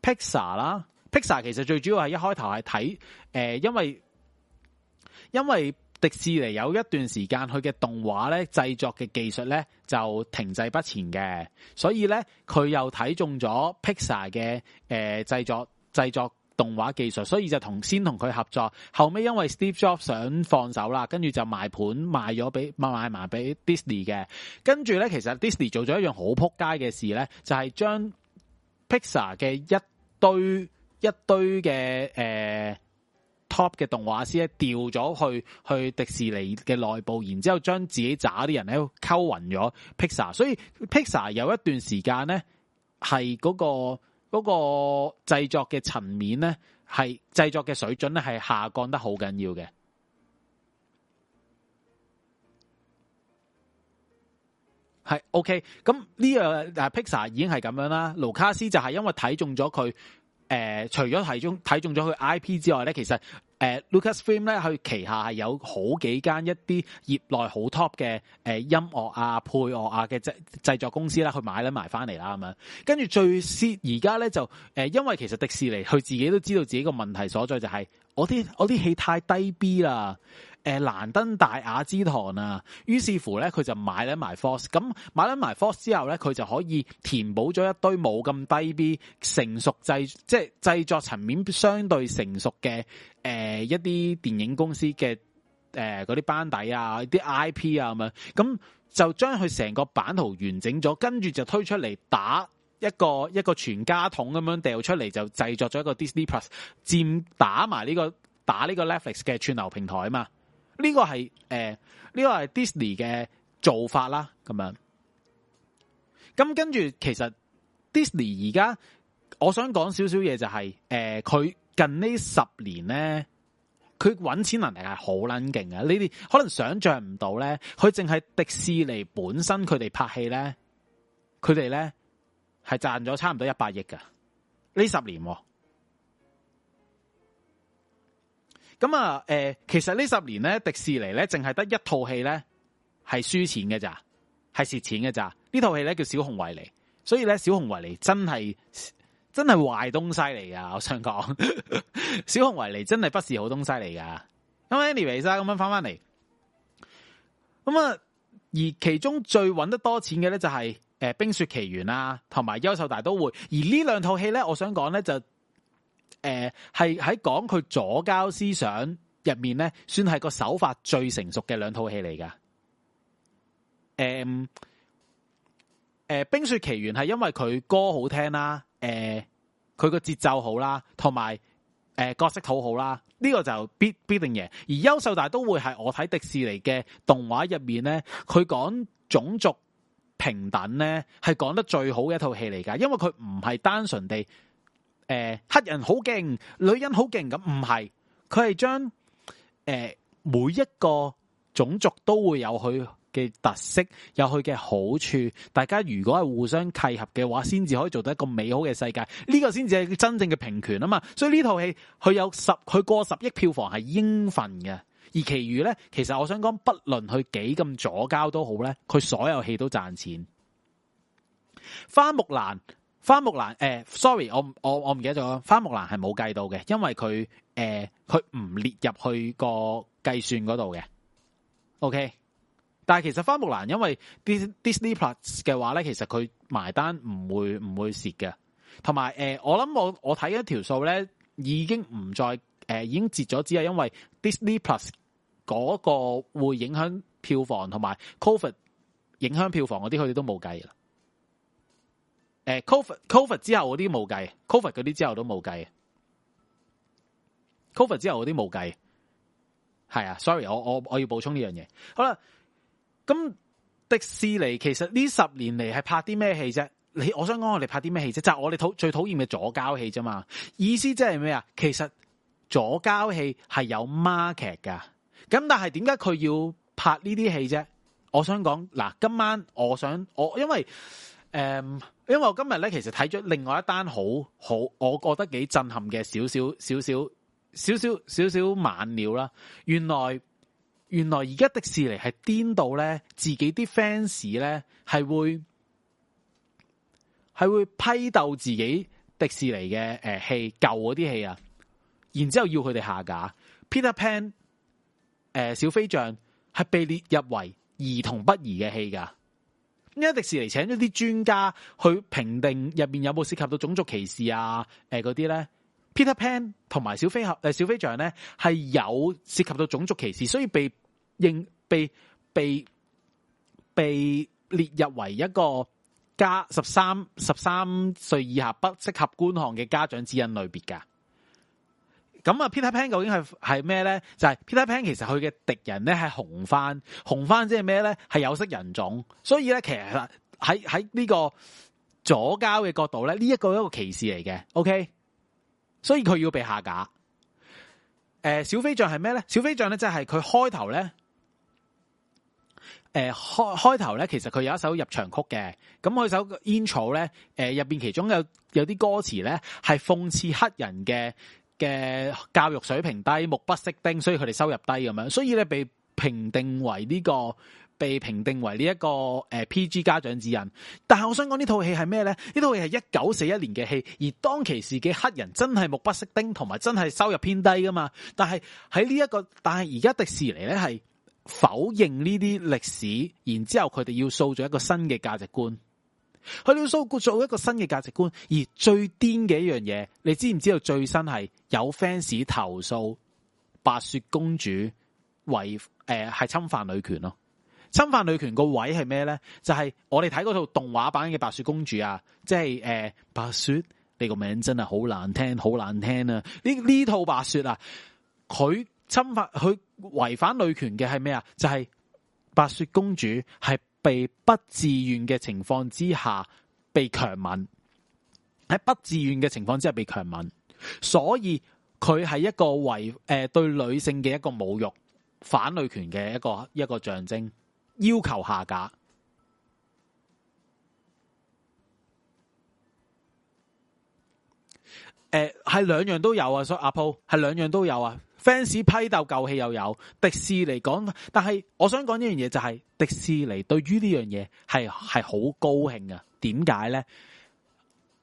，Pixar 啦，Pixar 其實最主要係一開頭係睇誒，因為因為迪士尼有一段時間佢嘅動畫咧製作嘅技術咧就停滯不前嘅，所以咧佢又睇中咗 Pixar 嘅誒製作、呃、製作。動畫技術，所以就同先同佢合作，後尾因為 Steve Jobs 想放手啦，跟住，就賣盤賣咗俾賣埋俾 Disney 嘅。跟住咧，其實 Disney 做咗一樣好撲街嘅事咧，就係、是、將 Pixar 嘅一堆一堆嘅誒、呃、Top 嘅動畫師咧調咗去去迪士尼嘅內部，然之後將自己渣啲人咧溝勻咗 Pixar，所以 Pixar 有一段時間咧係嗰個。嗰個製作嘅層面咧，係製作嘅水準咧，係下降得好緊要嘅。係 OK，咁呢樣誒 Pixar 已經係咁樣啦。盧卡斯就係因為睇中咗佢誒，除咗睇中睇中咗佢 IP 之外咧，其實。誒，Lucasfilm 咧，佢、uh, 旗下係有好幾間一啲業內好 top 嘅誒音樂啊、配樂啊嘅製製作公司啦，去買咧埋翻嚟啦咁樣。跟住最先而家咧就誒，因為其實迪士尼佢自己都知道自己個問題所在就係、是。我啲我啲戲太低 B 啦，誒難登大雅之堂啊，於是乎咧佢就買咗埋 Force，咁買咗埋 Force 之後咧佢就可以填補咗一堆冇咁低 B 成熟製即係製作層、就是、面相對成熟嘅誒、呃、一啲電影公司嘅誒嗰啲班底啊，啲 IP 啊咁樣，咁就將佢成個版圖完整咗，跟住就推出嚟打。一個一個全家桶咁樣掉出嚟，就製作咗一個 Disney Plus，佔打埋呢、這個打呢個 Netflix 嘅串流平台啊嘛，呢、這個係誒呢個係 Disney 嘅做法啦，咁樣。咁跟住其實 Disney 而家，我想講少少嘢就係、是、誒，佢、呃、近呢十年咧，佢揾錢能力係好撚勁啊！你哋可能想象唔到咧，佢淨係迪士尼本身佢哋拍戲咧，佢哋咧。係賺咗差唔多一百億噶，呢十年，咁啊，誒、呃，其實呢十年咧，迪士尼咧淨係得一套戲咧係輸錢嘅咋，係蝕錢嘅咋，呢套戲咧叫小紅維尼，所以咧小紅維尼真係真係壞東西嚟噶，我想講 小紅維尼真係不是好東西嚟噶。咁 anyways 咁樣翻翻嚟，咁啊,而其中最揾得多錢嘅咧就係、是。誒，呃《冰雪奇緣》啊，同埋《優獸大都會》，而兩戲，呢兩套戲咧，我想講咧就，誒係喺講佢左膠思想入面咧，算係個手法最成熟嘅兩套戲嚟㗎。誒、呃，誒、呃，《冰雪奇緣》係因為佢歌好聽啦、啊，誒佢個節奏好啦、啊，同埋誒角色好好、啊、啦，呢、這個就必必定嘢。而《優獸大都會》係我睇迪士尼嘅動畫入面咧，佢講種族。平等咧，係講得最好嘅一套戲嚟噶，因為佢唔係單純地，誒、呃，黑人好勁，女人好勁咁，唔係，佢係將誒、呃、每一個種族都會有佢嘅特色，有佢嘅好處，大家如果係互相契合嘅話，先至可以做到一個美好嘅世界，呢、這個先至係真正嘅平權啊嘛，所以呢套戲佢有十，佢過十億票房係應份嘅。而其餘咧，其實我想講，不論佢幾咁左膠都好咧，佢所有戲都賺錢。花木蘭，花木蘭，誒，sorry，我我我唔記得咗。花木蘭係冇計到嘅，因為佢誒佢唔列入去個計算度嘅。OK，但係其實花木蘭因為 Disney Plus 嘅話咧，其實佢埋單唔會唔會蝕嘅。同埋誒，我諗我我睇一條數咧，已經唔再誒已經截咗只係因為 Disney Plus。嗰個會影響票房同埋 Covid 影響票房嗰啲，佢哋都冇計啦。誒 Covid Covid 之後嗰啲冇計 Covid 嗰啲之後都冇計 Covid 之後嗰啲冇計。係啊，sorry，我我我要補充呢樣嘢。好啦，咁迪士尼其實呢十年嚟係拍啲咩戲啫？你我想講我哋拍啲咩戲啫？就係、是、我哋討最討厭嘅左膠戲啫嘛。意思即係咩啊？其實左膠戲係有 market 噶。咁但係點解佢要拍呢啲戲啫？我想講嗱，今晚我想我因為誒、嗯，因為我今日咧其實睇咗另外一單好好，我覺得幾震撼嘅少少少少少少少少晚料啦。原來原來而家迪士尼係癲到咧自己啲 fans 咧係會係會批鬥自己迪士尼嘅誒戲舊嗰啲戲啊，然之後要佢哋下架《Peter Pan》。誒、呃，小飛象係被列入為兒童不宜嘅戲噶，因為迪士尼請咗啲專家去評定入邊有冇涉及到種族歧視啊？誒、呃，嗰啲咧，Peter Pan 同埋小飛俠誒，小飛象咧係有涉及到種族歧視，所以被認被被被列入為一個加十三十三歲以下不適合觀看嘅家長指引類別噶。咁啊，Peter Pan 究竟係係咩咧？就係、是、Peter Pan 其實佢嘅敵人咧係紅番，紅番即係咩咧？係有色人種，所以咧其實喺喺呢個左膠嘅角度咧，呢、這、一個一個歧視嚟嘅，OK。所以佢要被下架。誒、呃，小飛象係咩咧？小飛象咧就係、是、佢開頭咧，誒、呃、開開頭咧其實佢有一首入場曲嘅，咁佢首煙草咧，誒入邊其中有有啲歌詞咧係諷刺黑人嘅。嘅教育水平低，目不識丁，所以佢哋收入低咁樣，所以咧被評定為呢、呢個被評定為呢、呢、一個誒、呃、PG 家長指引。但係我想講呢套戲係咩咧？呢套戲係一九四一年嘅戲，而當其時嘅黑人真係目不識丁，同埋真係收入偏低噶嘛。但係喺呢一個，但係而家迪士尼咧係否認呢啲歷史，然之後佢哋要塑造一個新嘅價值觀。佢要修做一個新嘅價值觀，而最癲嘅一樣嘢，你知唔知道？最新係有 fans 投訴白雪公主違誒係侵犯女權咯，侵犯女權個位係咩咧？就係、是、我哋睇嗰套動畫版嘅白雪公主啊，即係誒白雪你個名真係好難聽，好難聽啊！呢呢套白雪啊，佢侵犯佢違反女權嘅係咩啊？就係、是、白雪公主係。被不自願嘅情況之下，下被強吻，喺不自願嘅情況之下被強吻，所以佢係一個為誒對女性嘅一個侮辱，反女權嘅一個一個象徵，要求下架。誒係兩樣都有啊，所以阿鋪係兩樣都有啊。fans 批鬥舊戲又有迪士尼講，但係我想講一樣嘢，就係、是、迪士尼對於呢樣嘢係係好高興嘅。點解呢？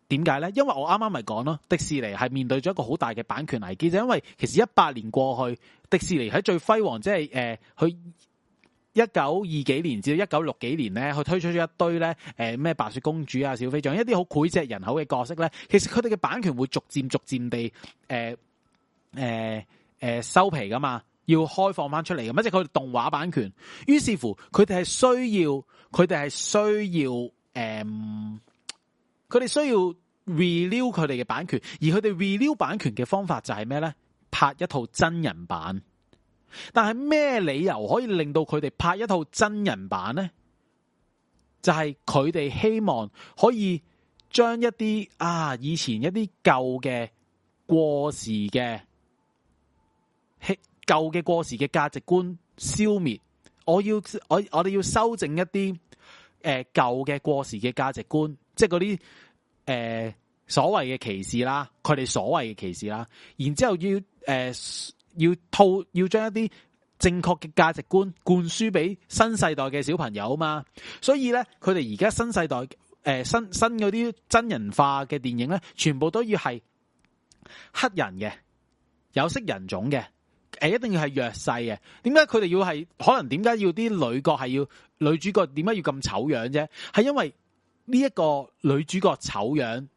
點解呢？因為我啱啱咪講咯，迪士尼係面對咗一個好大嘅版權危機，就因為其實一八年過去，迪士尼喺最輝煌，即係誒，佢一九二幾年至到一九六幾年呢，佢推出咗一堆呢誒咩白雪公主啊、小飛象，一啲好膾炙人口嘅角色呢。其實佢哋嘅版權會逐漸逐漸地誒誒。呃呃誒、呃，收皮噶嘛，要開放翻出嚟噶嘛，即係佢動畫版權。於是乎，佢哋係需要，佢哋係需要，誒、呃，佢哋需要 renew 佢哋嘅版權，而佢哋 renew 版權嘅方法就係咩咧？拍一套真人版。但係咩理由可以令到佢哋拍一套真人版咧？就係佢哋希望可以將一啲啊，以前一啲舊嘅過時嘅。舊嘅過時嘅價值觀消滅，我要我我哋要修正一啲誒舊嘅過時嘅價值觀，即係嗰啲誒所謂嘅歧視啦，佢哋所謂嘅歧視啦，然之後要誒、呃、要套要將一啲正確嘅價值觀灌輸俾新世代嘅小朋友嘛，所以咧佢哋而家新世代誒、呃、新新嗰啲真人化嘅電影咧，全部都要係黑人嘅，有色人種嘅、誒，一定要係弱勢嘅。點解佢哋要係？可能點解要啲女角係要女主角？點解要咁醜樣啫？係因為呢一個女主角醜樣，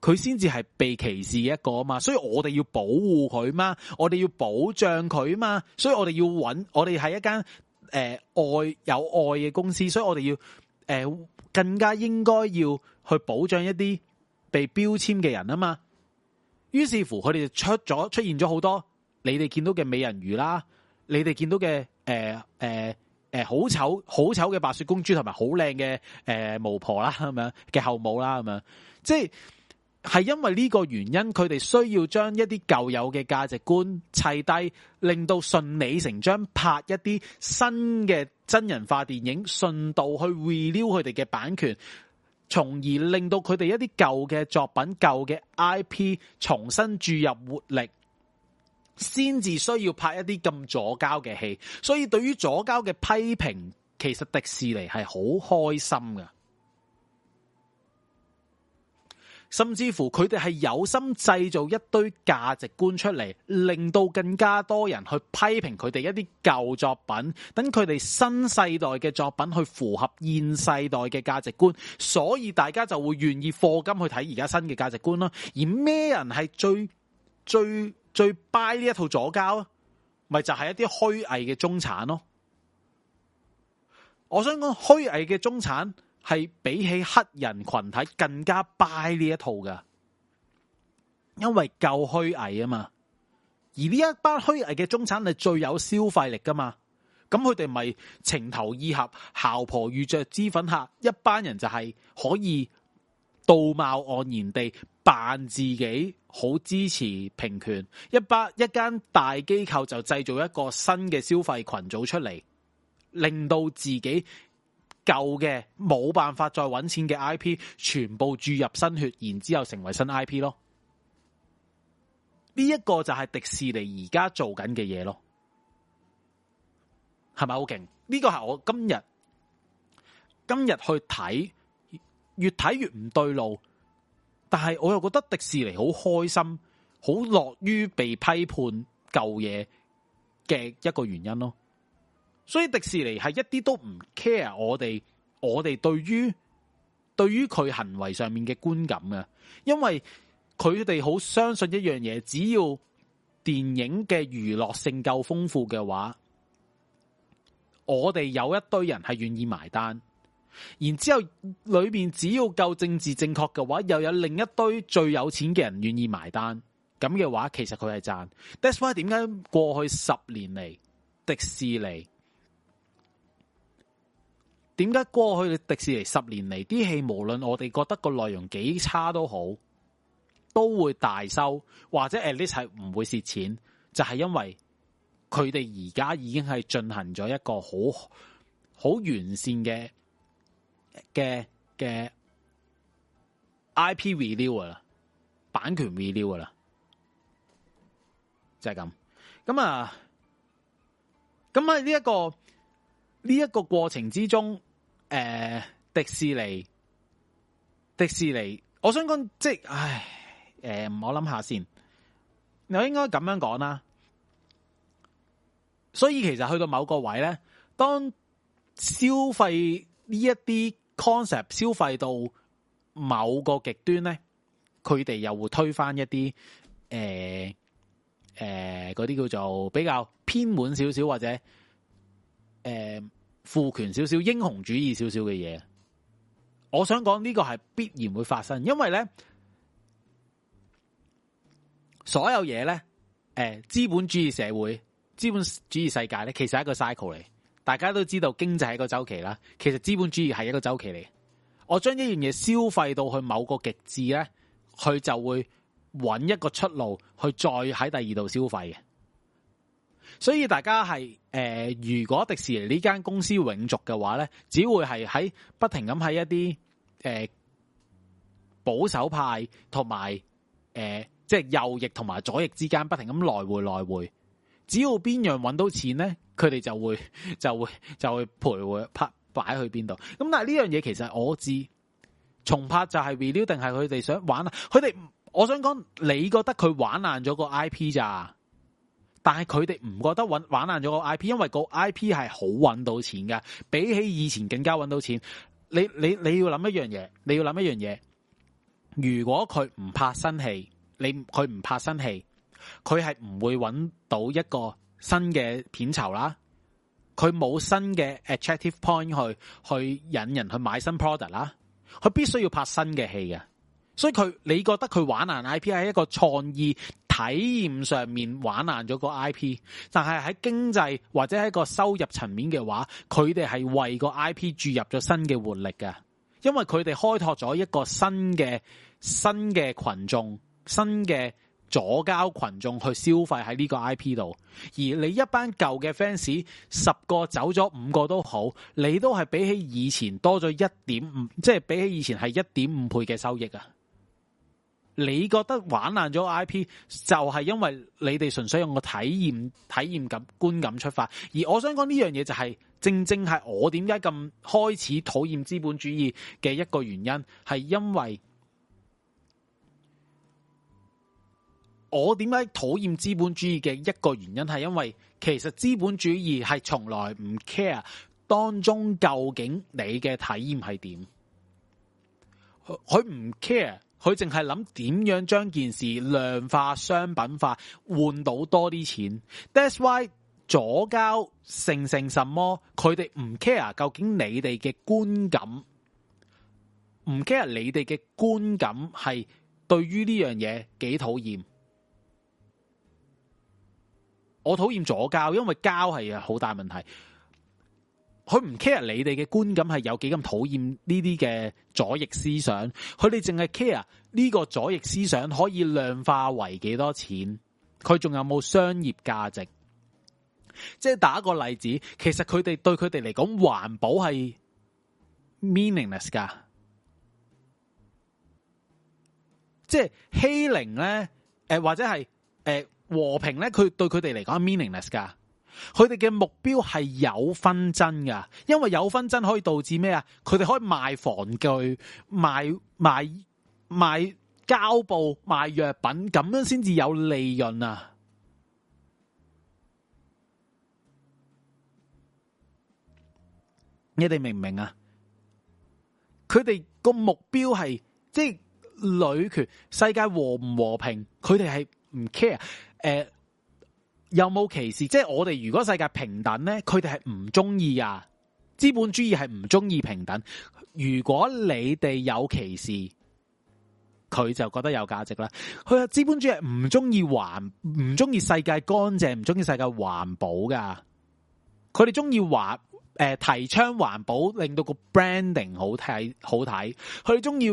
佢先至係被歧視嘅一個啊嘛。所以我哋要保護佢嘛，我哋要保障佢啊嘛。所以我哋要揾，我哋係一間誒、呃、愛有愛嘅公司。所以我哋要誒、呃、更加應該要去保障一啲被標籤嘅人啊嘛。於是乎，佢哋就出咗出現咗好多。你哋見到嘅美人魚啦，你哋見到嘅誒誒誒好醜好醜嘅白雪公主，同埋好靚嘅誒巫婆啦，咁樣嘅後母啦，咁樣，即係係因為呢個原因，佢哋需要將一啲舊有嘅價值觀砌低，令到順理成章拍一啲新嘅真人化電影，順道去 renew 佢哋嘅版權，從而令到佢哋一啲舊嘅作品、舊嘅 IP 重新注入活力。先至需要拍一啲咁左膠嘅戲，所以對於左膠嘅批評，其實迪士尼係好開心噶。甚至乎佢哋係有心製造一堆價值觀出嚟，令到更加多人去批評佢哋一啲舊作品，等佢哋新世代嘅作品去符合現世代嘅價值觀，所以大家就會願意課金去睇而家新嘅價值觀囉。而咩人係最最？最 buy 呢一套左膠啊咪就係、是、一啲虛偽嘅中產咯。我想講虛偽嘅中產係比起黑人群體更加 buy 呢一套噶，因為夠虛偽啊嘛。而呢一班虛偽嘅中產係最有消費力噶嘛，咁佢哋咪情投意合，姣婆遇着脂粉客，一班人就係可以。道貌岸然地扮自己好支持平權，一把一間大機構就製造一個新嘅消費群組出嚟，令到自己舊嘅冇辦法再揾錢嘅 IP 全部注入新血，然之後成為新 IP 咯。呢、這、一個就係迪士尼而家做緊嘅嘢咯，係咪好勁？呢、這個係我今日今日去睇。越睇越唔對路，但係我又覺得迪士尼好開心，好樂於被批判舊嘢嘅一個原因咯。所以迪士尼係一啲都唔 care 我哋，我哋對於對於佢行為上面嘅觀感嘅，因為佢哋好相信一樣嘢，只要電影嘅娛樂性夠豐富嘅話，我哋有一堆人係願意埋單。然之後裏面只要夠政治正確嘅話，又有另一堆最有錢嘅人願意埋單，咁嘅話其實佢係賺。That’s why 點解過去十年嚟，迪士尼，點解過去迪士尼十年嚟啲戲，無論我哋覺得個內容幾差都好，都會大收或者 at least 係唔會蝕錢，就係因為佢哋而家已經係進行咗一個好好完善嘅。嘅嘅 IP review 啦，版權 review 啦，就係、是、咁。咁啊，咁喺呢一個呢一、這個過程之中，誒、呃，迪士尼，迪士尼，我想講，即係，唉，誒、呃，唔好諗下先，又應該咁樣講啦。所以其實去到某個位咧，當消費呢一啲。Concept 消費到某個極端咧，佢哋又會推翻一啲誒誒嗰啲叫做比較偏門少少，或者誒父、呃、權少少英雄主義少少嘅嘢。我想講呢個係必然會發生，因為咧所有嘢咧誒資本主義社會、資本主義世界咧，其實係一個 cycle 嚟。大家都知道經濟係個周期啦，其實資本主義係一個周期嚟。我將呢樣嘢消費到去某個極致呢，佢就會揾一個出路去再喺第二度消費嘅。所以大家係誒、呃，如果迪士尼呢間公司永續嘅話呢，只會係喺不停咁喺一啲誒、呃、保守派同埋誒即係右翼同埋左翼之間不停咁來回來回，只要邊樣揾到錢呢？佢哋就會就會就會徘徊拍擺去邊度？咁但係呢樣嘢其實我知重拍就係 reveal 定係佢哋想玩啊？佢哋我想講，你覺得佢玩爛咗個 I P 咋？但係佢哋唔覺得玩爛咗個 I P，因為個 I P 係好搵到錢噶，比起以前更加搵到錢。你你你要諗一樣嘢，你要諗一樣嘢。如果佢唔拍新戲，你佢唔拍新戲，佢係唔會搵到一個。新嘅片酬啦，佢冇新嘅 attractive point 去去引人去買新 product 啦，佢必須要拍新嘅戲嘅，所以佢你覺得佢玩爛 IP 係一個創意體驗上面玩爛咗個 IP，但係喺經濟或者喺個收入層面嘅話，佢哋係為個 IP 注入咗新嘅活力嘅，因為佢哋開拓咗一個新嘅新嘅群眾，新嘅。阻交群眾去消費喺呢個 IP 度，而你一班舊嘅 fans 十個走咗五個都好，你都係比起以前多咗一點五，即係比起以前係一點五倍嘅收益啊！你覺得玩爛咗 IP 就係因為你哋純粹用個體驗、體驗感、觀感出發？而我想講呢樣嘢就係正正係我點解咁開始討厭資本主義嘅一個原因，係因為。我點解討厭資本主義嘅一個原因係因為其實資本主義係從來唔 care 當中究竟你嘅體驗係點，佢唔 care，佢淨係諗點樣將件事量化商品化，換到多啲錢。That's why 左膠成成什麼，佢哋唔 care 究竟你哋嘅觀感，唔 care 你哋嘅觀感係對於呢樣嘢幾討厭。我討厭左膠，因為膠係好大問題。佢唔 care 你哋嘅觀感係有幾咁討厭呢啲嘅左翼思想，佢哋淨係 care 呢個左翼思想可以量化為幾多錢，佢仲有冇商業價值？即係打一個例子，其實佢哋對佢哋嚟講環保係 meaningless 噶，即係欺凌咧，誒、呃、或者係誒。呃和平咧，佢對佢哋嚟講 meaningless 噶。佢哋嘅目標係有紛爭噶，因為有紛爭可以導致咩啊？佢哋可以賣防具、賣賣賣膠布、賣藥品，咁樣先至有利潤啊！你哋明唔明啊？佢哋個目標係即係女權世界和唔和平，佢哋係唔 care。誒、呃，有冇歧視？即係我哋如果世界平等呢，佢哋係唔中意啊。資本主義係唔中意平等。如果你哋有歧視，佢就覺得有價值啦。佢話，資本主義係唔中意環，唔中意世界乾淨，唔中意世界環保噶。佢哋中意環誒，提倡環保，令到個 branding 好睇好睇。佢哋中意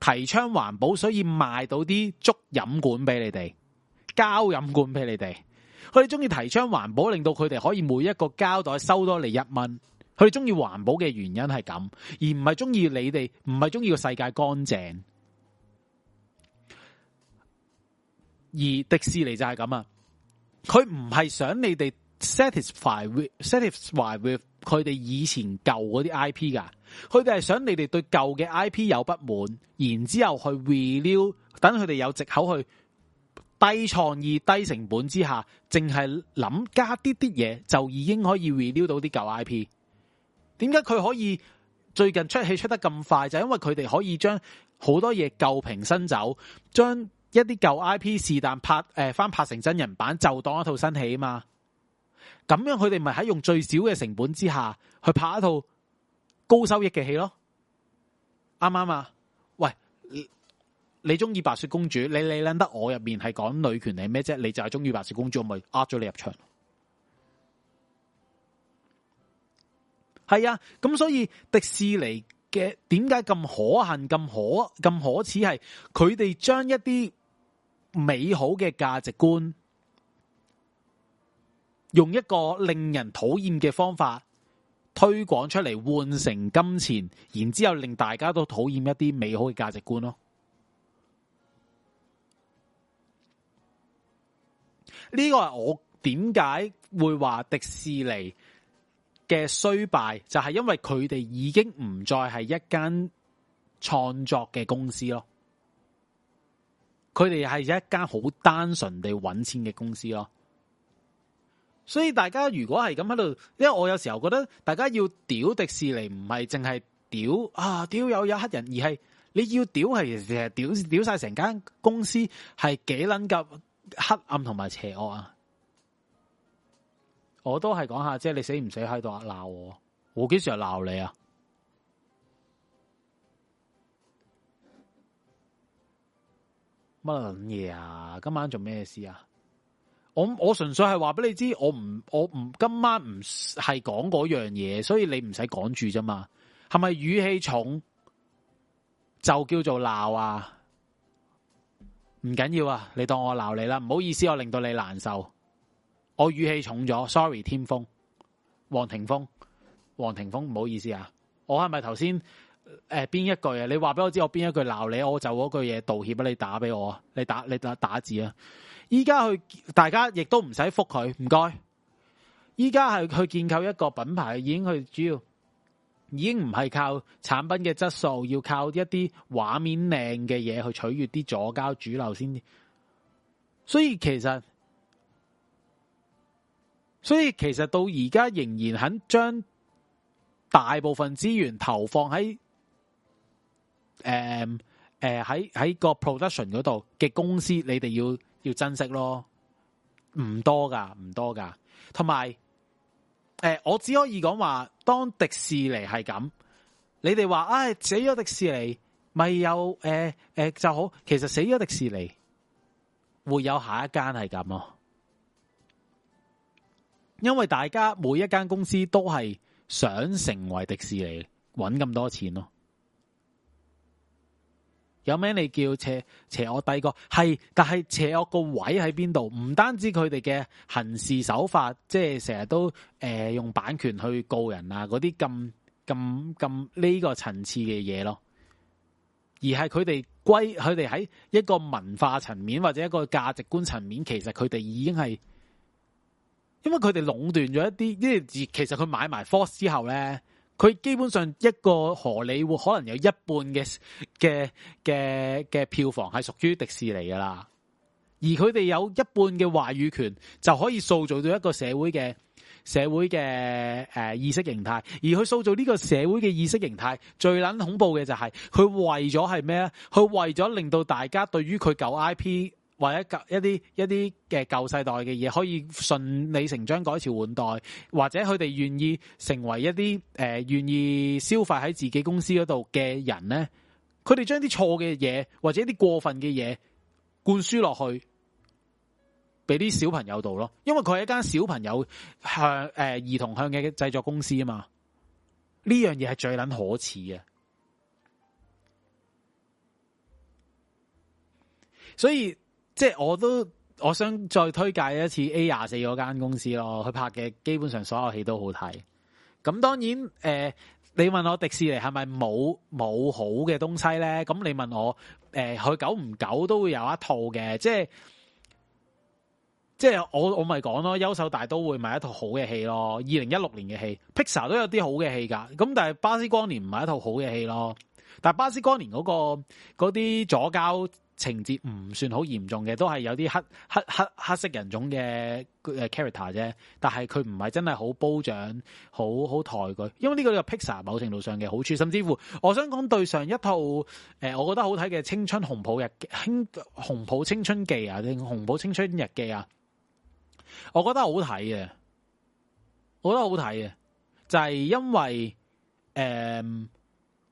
提倡環保，所以賣到啲竹飲管俾你哋。膠飲罐俾你哋，佢哋中意提倡環保，令到佢哋可以每一個膠袋收多你一蚊。佢哋中意環保嘅原因係咁，而唔係中意你哋，唔係中意個世界乾淨。而迪士尼就係咁啊，佢唔係想你哋 satisfy with satisfy with 佢哋以前舊嗰啲 IP 噶，佢哋係想你哋對舊嘅 IP 有不滿，然之後去 reveal，等佢哋有借口去。低創意、低成本之下，淨係諗加啲啲嘢，就已經可以 reveal 到啲舊 I P。點解佢可以最近出戲出得咁快？就是，因為佢哋可以將好多嘢舊瓶新酒，將一啲舊 I P 是但拍誒翻、呃、拍成真人版，就當一套新戲啊嘛。咁樣佢哋咪喺用最少嘅成本之下去拍一套高收益嘅戲咯。啱唔啱啊？你中意白雪公主，你你諗得我入面係講女權係咩啫？你就係中意白雪公主，我咪呃咗你入場。係啊，咁所以迪士尼嘅，點解咁可恨，咁可，咁可恥？係佢哋將一啲美好嘅價值觀，用一個令人討厭嘅方法推廣出嚟，換成金錢，然之後令大家都討厭一啲美好嘅價值觀咯。呢個係我點解會話迪士尼嘅衰敗，就係因為佢哋已經唔再係一間創作嘅公司咯，佢哋係一間好單純地揾錢嘅公司咯。所以大家如果係咁喺度，因為我有時候覺得大家要屌迪士尼是是，啊，唔係淨係屌啊屌有有黑人，而係你要屌係屌屌晒成間公司係幾捻急。黑暗同埋邪惡啊！我都係講下，即係你使唔使喺度鬧我？我幾時又鬧你啊？乜嘢啊？今晚做咩事啊？我我純粹係話俾你知，我唔我唔今晚唔係講嗰樣嘢，所以你唔使講住啫嘛。係咪語氣重就叫做鬧啊？唔緊要啊，你當我鬧你啦，唔好意思，我令到你難受，我語氣重咗，sorry 天風，黃庭鋒、黃庭鋒，唔好意思啊，我係咪頭先誒邊一句啊？你話俾我知，我邊一句鬧你，我就嗰句嘢道歉啊！你打俾我啊，你打你打打字啊！依家去大家亦都唔使覆佢，唔該。依家係去建構一個品牌，已經去主要。已經唔係靠產品嘅質素，要靠一啲畫面靚嘅嘢去取悦啲左膠主流先。所以其實，所以其實到而家仍然肯將大部分資源投放喺誒誒喺喺個 production 嗰度嘅公司，你哋要要珍惜咯。唔多㗎，唔多㗎，同埋。誒，我只可以講話，當迪士尼係咁，你哋話，唉、哎，死咗迪士尼咪有誒誒、呃呃、就好，其實死咗迪士尼會有下一間係咁咯，因為大家每一間公司都係想成為迪士尼，搵咁多錢咯。有咩你叫邪、邪惡帝國？係，但係邪惡個位喺邊度？唔單止佢哋嘅行事手法，即係成日都誒、呃、用版權去告人啊，嗰啲咁咁咁呢個層次嘅嘢咯，而係佢哋歸佢哋喺一個文化層面或者一個價值觀層面，其實佢哋已經係，因為佢哋壟斷咗一啲，因為其實佢買埋 force 之後咧。佢基本上一個荷里活，可能有一半嘅嘅嘅嘅票房係屬於迪士尼噶啦，而佢哋有一半嘅話語權，就可以塑造到一個社會嘅社會嘅誒、呃、意識形態。而佢塑造呢個社會嘅意識形態，最撚恐怖嘅就係佢為咗係咩啊，佢為咗令到大家對於佢舊 IP 或者一啲一啲嘅舊世代嘅嘢，可以順理成章改朝換代，或者佢哋願意成為一啲誒願意消費喺自己公司嗰度嘅人呢，佢哋將啲錯嘅嘢或者啲過分嘅嘢灌輸落去，俾啲小朋友度咯，因為佢係一間小朋友向誒、呃、兒童向嘅製作公司啊嘛，呢樣嘢係最捻可恥嘅，所以。即係我都我想再推介一次 A 廿四嗰間公司咯，佢拍嘅基本上所有戲都好睇。咁當然誒、呃，你問我迪士尼係咪冇冇好嘅東西咧？咁你問我誒，佢久唔久都會有一套嘅，即係即係我我咪講咯，優秀大都會咪一套好嘅戲咯。二零一六年嘅戲，Pixar 都有啲好嘅戲噶。咁但係巴斯光年唔係一套好嘅戲咯。但係巴斯光年嗰、那個嗰啲左膠。情節唔算好嚴重嘅，都係有啲黑黑黑黑色人種嘅 character 啫。但係佢唔係真係好褒獎，好好抬佢。因為呢個又 Pixar 某程度上嘅好處。甚至乎，我想講對上一套我覺得好睇嘅《青春紅寶日記青紅寶青春記》啊，定《紅寶青春日記》啊，我覺得好睇嘅，我覺得好睇嘅，就係、是、因為、嗯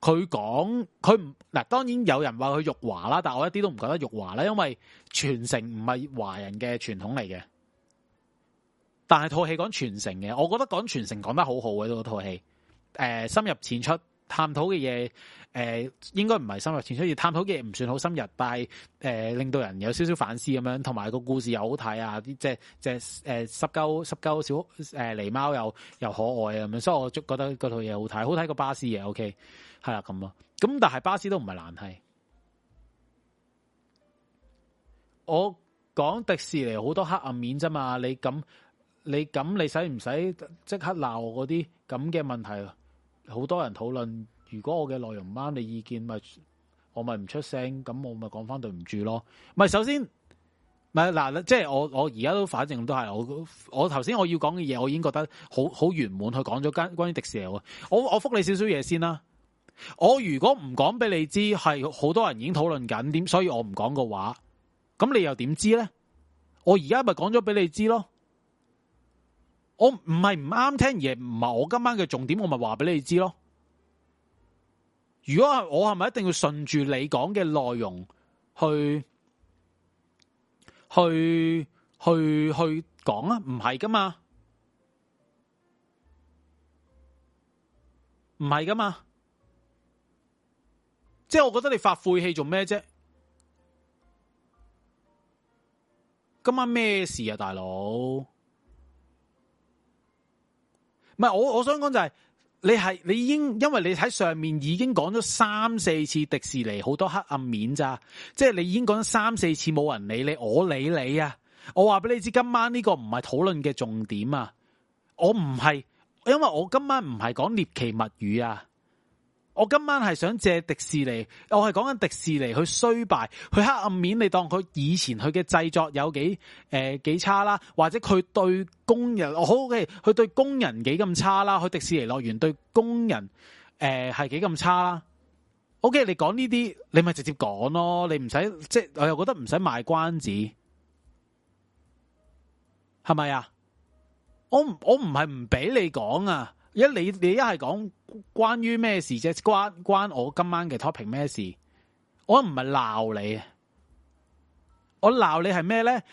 佢講佢唔嗱，當然有人話佢辱華啦，但係我一啲都唔覺得辱華啦，因為傳承唔係華人嘅傳統嚟嘅。但係套戲講傳承嘅，我覺得講傳承講得好好嘅嗰套戲。誒、呃、深入淺出探討嘅嘢，誒、呃、應該唔係深入淺出，而探討嘅嘢唔算好深入，但係、呃、令到人有少少反思咁樣，同埋個故事好、呃呃、又好睇啊！即係即係誒濕鳩濕鳩小狸貓又又可愛啊！咁樣，所以我覺得套嘢好睇，好睇過巴士嘅 O K。Okay 係啦，咁咯、啊，咁但係巴士都唔係難睇。我講迪士尼好多黑暗面啫嘛，你咁，你咁，你使唔使即刻鬧我嗰啲咁嘅問題？好多人討論，如果我嘅內容唔啱你的意見，咪我咪唔出聲，咁我咪講翻對唔住咯。咪首先咪嗱，即係我我而家都反正都係我我頭先我要講嘅嘢，我已經覺得好好圓滿去講咗關關於迪士尼。我我覆你少少嘢先啦。我如果唔講俾你知，係好多人已經討論緊，點所以我唔講個話，咁你又點知咧？我而家咪講咗俾你知咯。我唔係唔啱聽嘢，唔係我今晚嘅重點，我咪話俾你知咯。如果係我係咪一定要順住你講嘅內容去去去去講啊？唔係噶嘛，唔係噶嘛。即係我覺得你發晦氣做咩啫？今晚咩事啊，大佬？唔係我我想講就係你係你已經因為你喺上面已經講咗三四次迪士尼好多黑暗面咋？即係你已經講咗三四次冇人理你，我理你啊！我話俾你知，今晚呢個唔係討論嘅重點啊！我唔係，因為我今晚唔係講獵奇物語啊！我今晚係想借迪士尼，我係講緊迪士尼佢衰敗，佢黑暗面。你當佢以前佢嘅製作有幾誒幾差啦，或者佢對工人，我好嘅，佢、okay, 對工人幾咁差啦？佢迪士尼樂園對工人誒係幾咁差啦？OK，你講呢啲，你咪直接講咯，你唔使即係，我又覺得唔使賣關子，係咪啊？我我唔係唔俾你講啊！一你你一係講關於咩事啫？關關我今晚嘅 topic 咩事？我唔係鬧你，我鬧你係咩咧？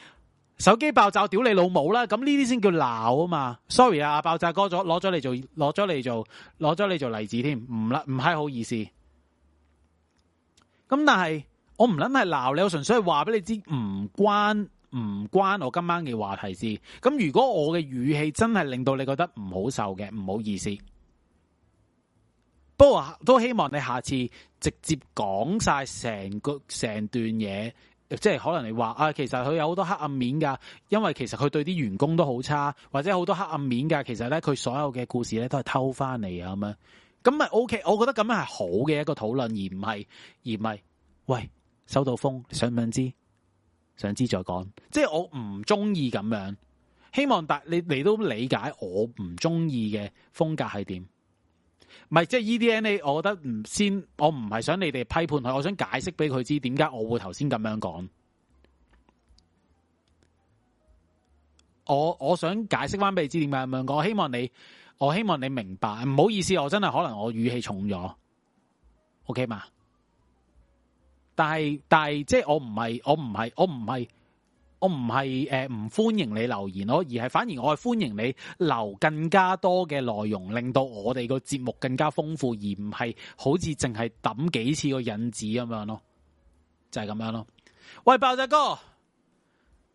手機爆炸屌你老母啦！咁呢啲先叫鬧啊嘛？Sorry 啊，爆炸哥，咗攞咗你做，攞咗你做，攞咗你做例子添，唔啦唔係好意思。咁但係我唔諗係鬧你，我純粹係話俾你知，唔關。唔關我今晚嘅話題事。咁如果我嘅語氣真係令到你覺得唔好受嘅，唔好意思。不過都希望你下次直接講晒成個成段嘢，即係可能你話啊，其實佢有好多黑暗面噶，因為其實佢對啲員工都好差，或者好多黑暗面噶。其實咧，佢所有嘅故事咧都係偷翻嚟啊咁樣。咁咪 O K，我覺得咁樣係好嘅一個討論，而唔係而唔係，喂，收到風想唔想知？想知再講，即係我唔中意咁樣，希望大你你都理解我唔中意嘅風格係點，唔係即係 EDNA。就是，我覺得唔先，我唔係想你哋批判佢，我想解釋俾佢知點解我會頭先咁樣講。我我想解釋翻俾你知點解咁樣講，我希望你我希望你明白。唔好意思，我真係可能我語氣重咗，OK 嘛？但係但係，即係我唔係我唔係我唔係我唔係誒，唔歡迎你留言咯，而係反而我係歡迎你留更加多嘅內容，令到我哋個節目更加豐富，而唔係好似淨係抌幾次個引子咁樣咯，就係咁樣咯。喂，爆炸哥，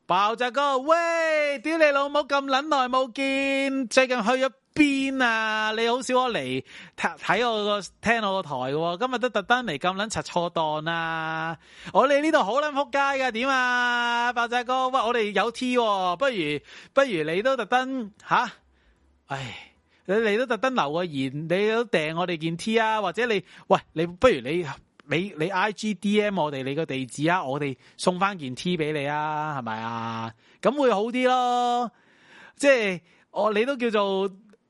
爆炸哥，喂，屌你老母，咁捻耐冇見，最近去咗。邊啊！你好少我嚟睇我個聽我個台喎。今日都特登嚟咁捻拆錯檔啊！我哋呢度好捻撲街噶點啊，白仔哥喂，我哋有 T、哦、不如不如你都特登吓，唉你都特登留個言，你都訂我哋件 T 啊，或者你喂你不如你你你 I G D M 我哋你個地址啊，我哋送翻件 T 俾你啊，係咪啊？咁會好啲咯，即係我你都叫做。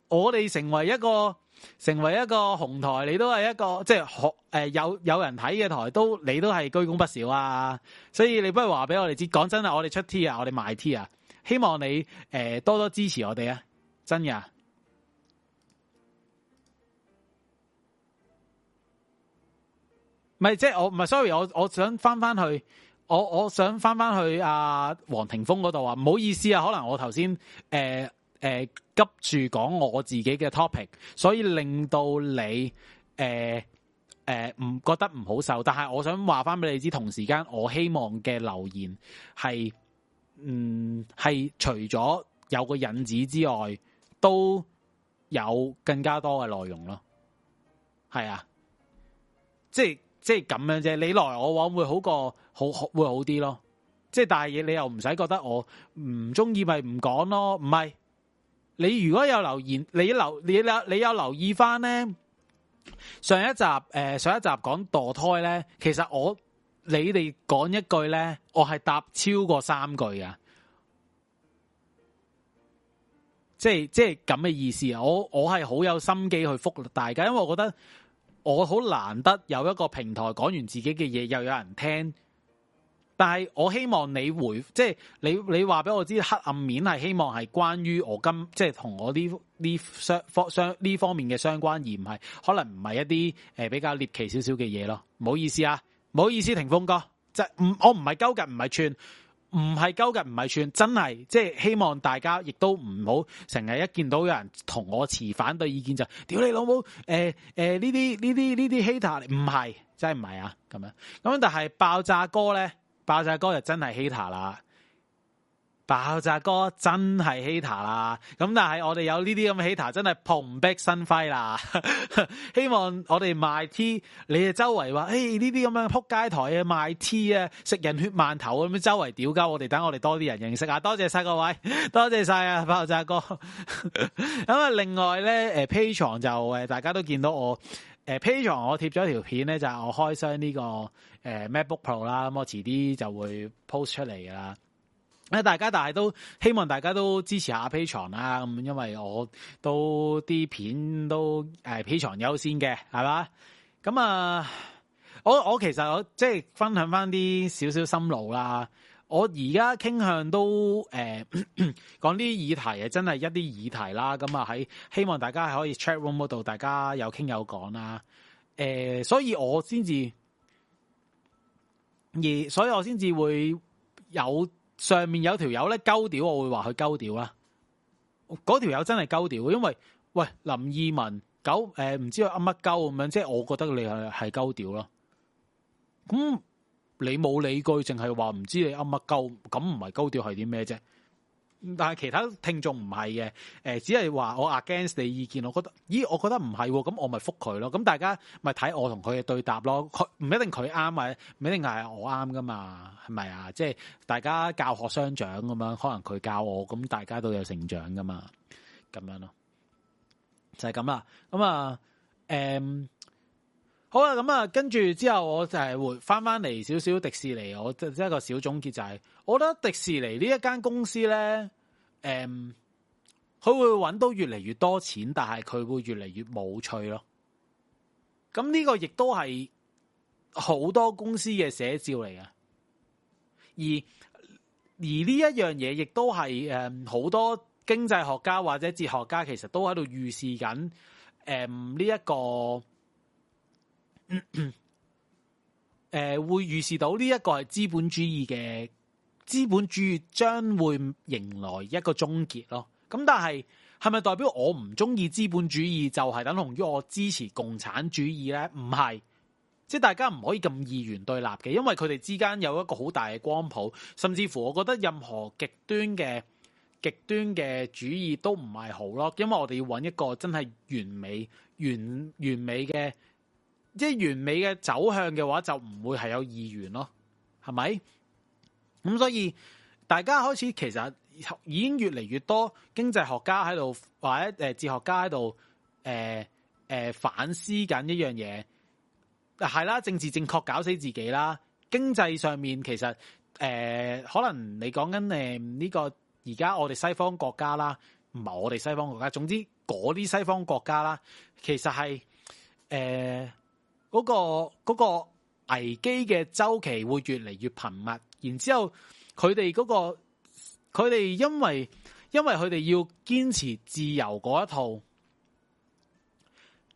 我哋成為一個成為一個紅台，你都係一個即係學誒有有人睇嘅台，都你都係居功不少啊！所以你不如話俾我哋知，講真啊，我哋出 T 啊，我哋賣 T 啊，希望你誒、呃、多多支持我哋啊！真㗎、啊，唔係即係我唔係，sorry，我我想翻翻去，我我想翻翻去阿黃庭峰嗰度啊！唔、啊、好意思啊，可能我頭先誒。呃誒，急住講我自己嘅 topic，所以令到你誒誒唔覺得唔好受。但係我想話翻俾你知，同時間我希望嘅留言係，嗯，係除咗有個引子之外，都有更加多嘅內容咯。係啊，即係即係咁樣啫。你來我往會好過，好好會好啲咯。即係但係你又唔使覺得我唔中意，咪唔講咯。唔係。你如果有留言，你留你有你有留意翻咧上一集誒，上一集講墮胎咧，其實我你哋講一句咧，我係答超過三句啊，即係即係咁嘅意思，我我係好有心機去覆大家，因為我覺得我好難得有一個平台講完自己嘅嘢，又有人聽。但係我希望你回，即係你你話俾我知黑暗面係希望係關於我今即係同我呢呢相方相呢方面嘅相關，而唔係可能唔係一啲誒比較獵奇少少嘅嘢咯。唔好意思啊，唔好意思，霆鋒哥，即係唔我唔係鳩勁，唔係串，唔係鳩勁，唔係串，真係即係希望大家亦都唔好成日一見到有人同我持反對意見就，屌、嗯、你老母，誒誒呢啲呢啲呢啲 hater 唔係，真係唔係啊咁樣，咁但係爆炸哥咧。爆炸哥就真係 hater 啦，爆炸哥真係 hater 啦。咁但係我哋有呢啲咁嘅 hater，真係蓬蓽生輝啦。希望我哋賣 T，你啊周圍話，誒呢啲咁樣扑街台啊賣 T 啊，食人血饅頭咁樣周圍屌鳩我哋，等我哋多啲人認識啊！多謝晒各位，多謝晒啊！爆炸哥，咁啊另外咧，誒 Patreon 就誒大家都見到我。誒、eh, Patreon 我貼咗條片咧，就係、是、我開箱呢、這個誒、呃、MacBook Pro 啦，咁我遲啲就會 post 出嚟噶啦。大家但係都希望大家都支持下、啊、Patreon 啦，咁、嗯、因為我都啲片都誒、呃、Patreon 優先嘅，係嘛？咁啊，我我其實我即係分享翻啲少少心路啦。我而家傾向都誒講啲議題啊，真係一啲議題啦。咁啊喺希望大家可以 chat room 度，大家有傾有講啦。誒、呃，所以我先至而，所以我先至會有上面有條友咧，鳩屌，我會話佢鳩屌啦。嗰條友真係鳩屌，因為喂林二汶九誒，唔、呃、知佢阿乜鳩咁樣，即係我覺得你係係鳩屌咯。咁。你冇理據，淨係話唔知你阿乜、啊、高咁唔係高調係啲咩啫？但係其他聽眾唔係嘅，誒、呃，只係話我 against 你意見，我覺得，咦，我覺得唔係，咁我咪覆佢咯。咁大家咪睇我同佢嘅對答咯。佢唔一定佢啱，啊唔一定係我啱噶嘛，係咪啊？即係大家教學相長咁樣，可能佢教我，咁大家都有成長噶嘛，咁樣咯，就係咁啦。咁啊，誒、嗯。好啦，咁啊，跟住之後我就係會翻翻嚟，少少迪士尼，我即係一個小總結就係，我覺得迪士尼呢一間公司咧，誒、嗯，佢會搵到越嚟越多錢，但係佢會越嚟越冇趣咯。咁呢個亦都係好多公司嘅寫照嚟嘅，而而呢一樣嘢亦都係誒好多經濟學家或者哲學家其實都喺度預示緊，誒呢一個。 呃、會預示到呢一個係資本主義嘅，資本主義將會迎來一個終結咯。咁但係係咪代表我唔中意資本主義就係等同於我支持共產主義呢？唔係，即係大家唔可以咁二元對立嘅，因為佢哋之間有一個好大嘅光譜，甚至乎我覺得任何極端嘅極端嘅主義都唔係好咯，因為我哋要揾一個真係完美、完完美嘅。即係完美嘅走向嘅話，就唔會係有意願咯，係咪？咁所以大家開始其實已經越嚟越多經濟學家喺度或者誒哲學家喺度誒誒反思緊一樣嘢，係啦，政治正確搞死自己啦。經濟上面其實誒、呃、可能你講緊誒呢個而家我哋西方國家啦，唔係我哋西方國家，總之嗰啲西方國家啦，其實係誒。呃嗰個嗰個危機嘅週期會越嚟越頻密，然之後佢哋嗰個佢哋因為因為佢哋要堅持自由嗰一套，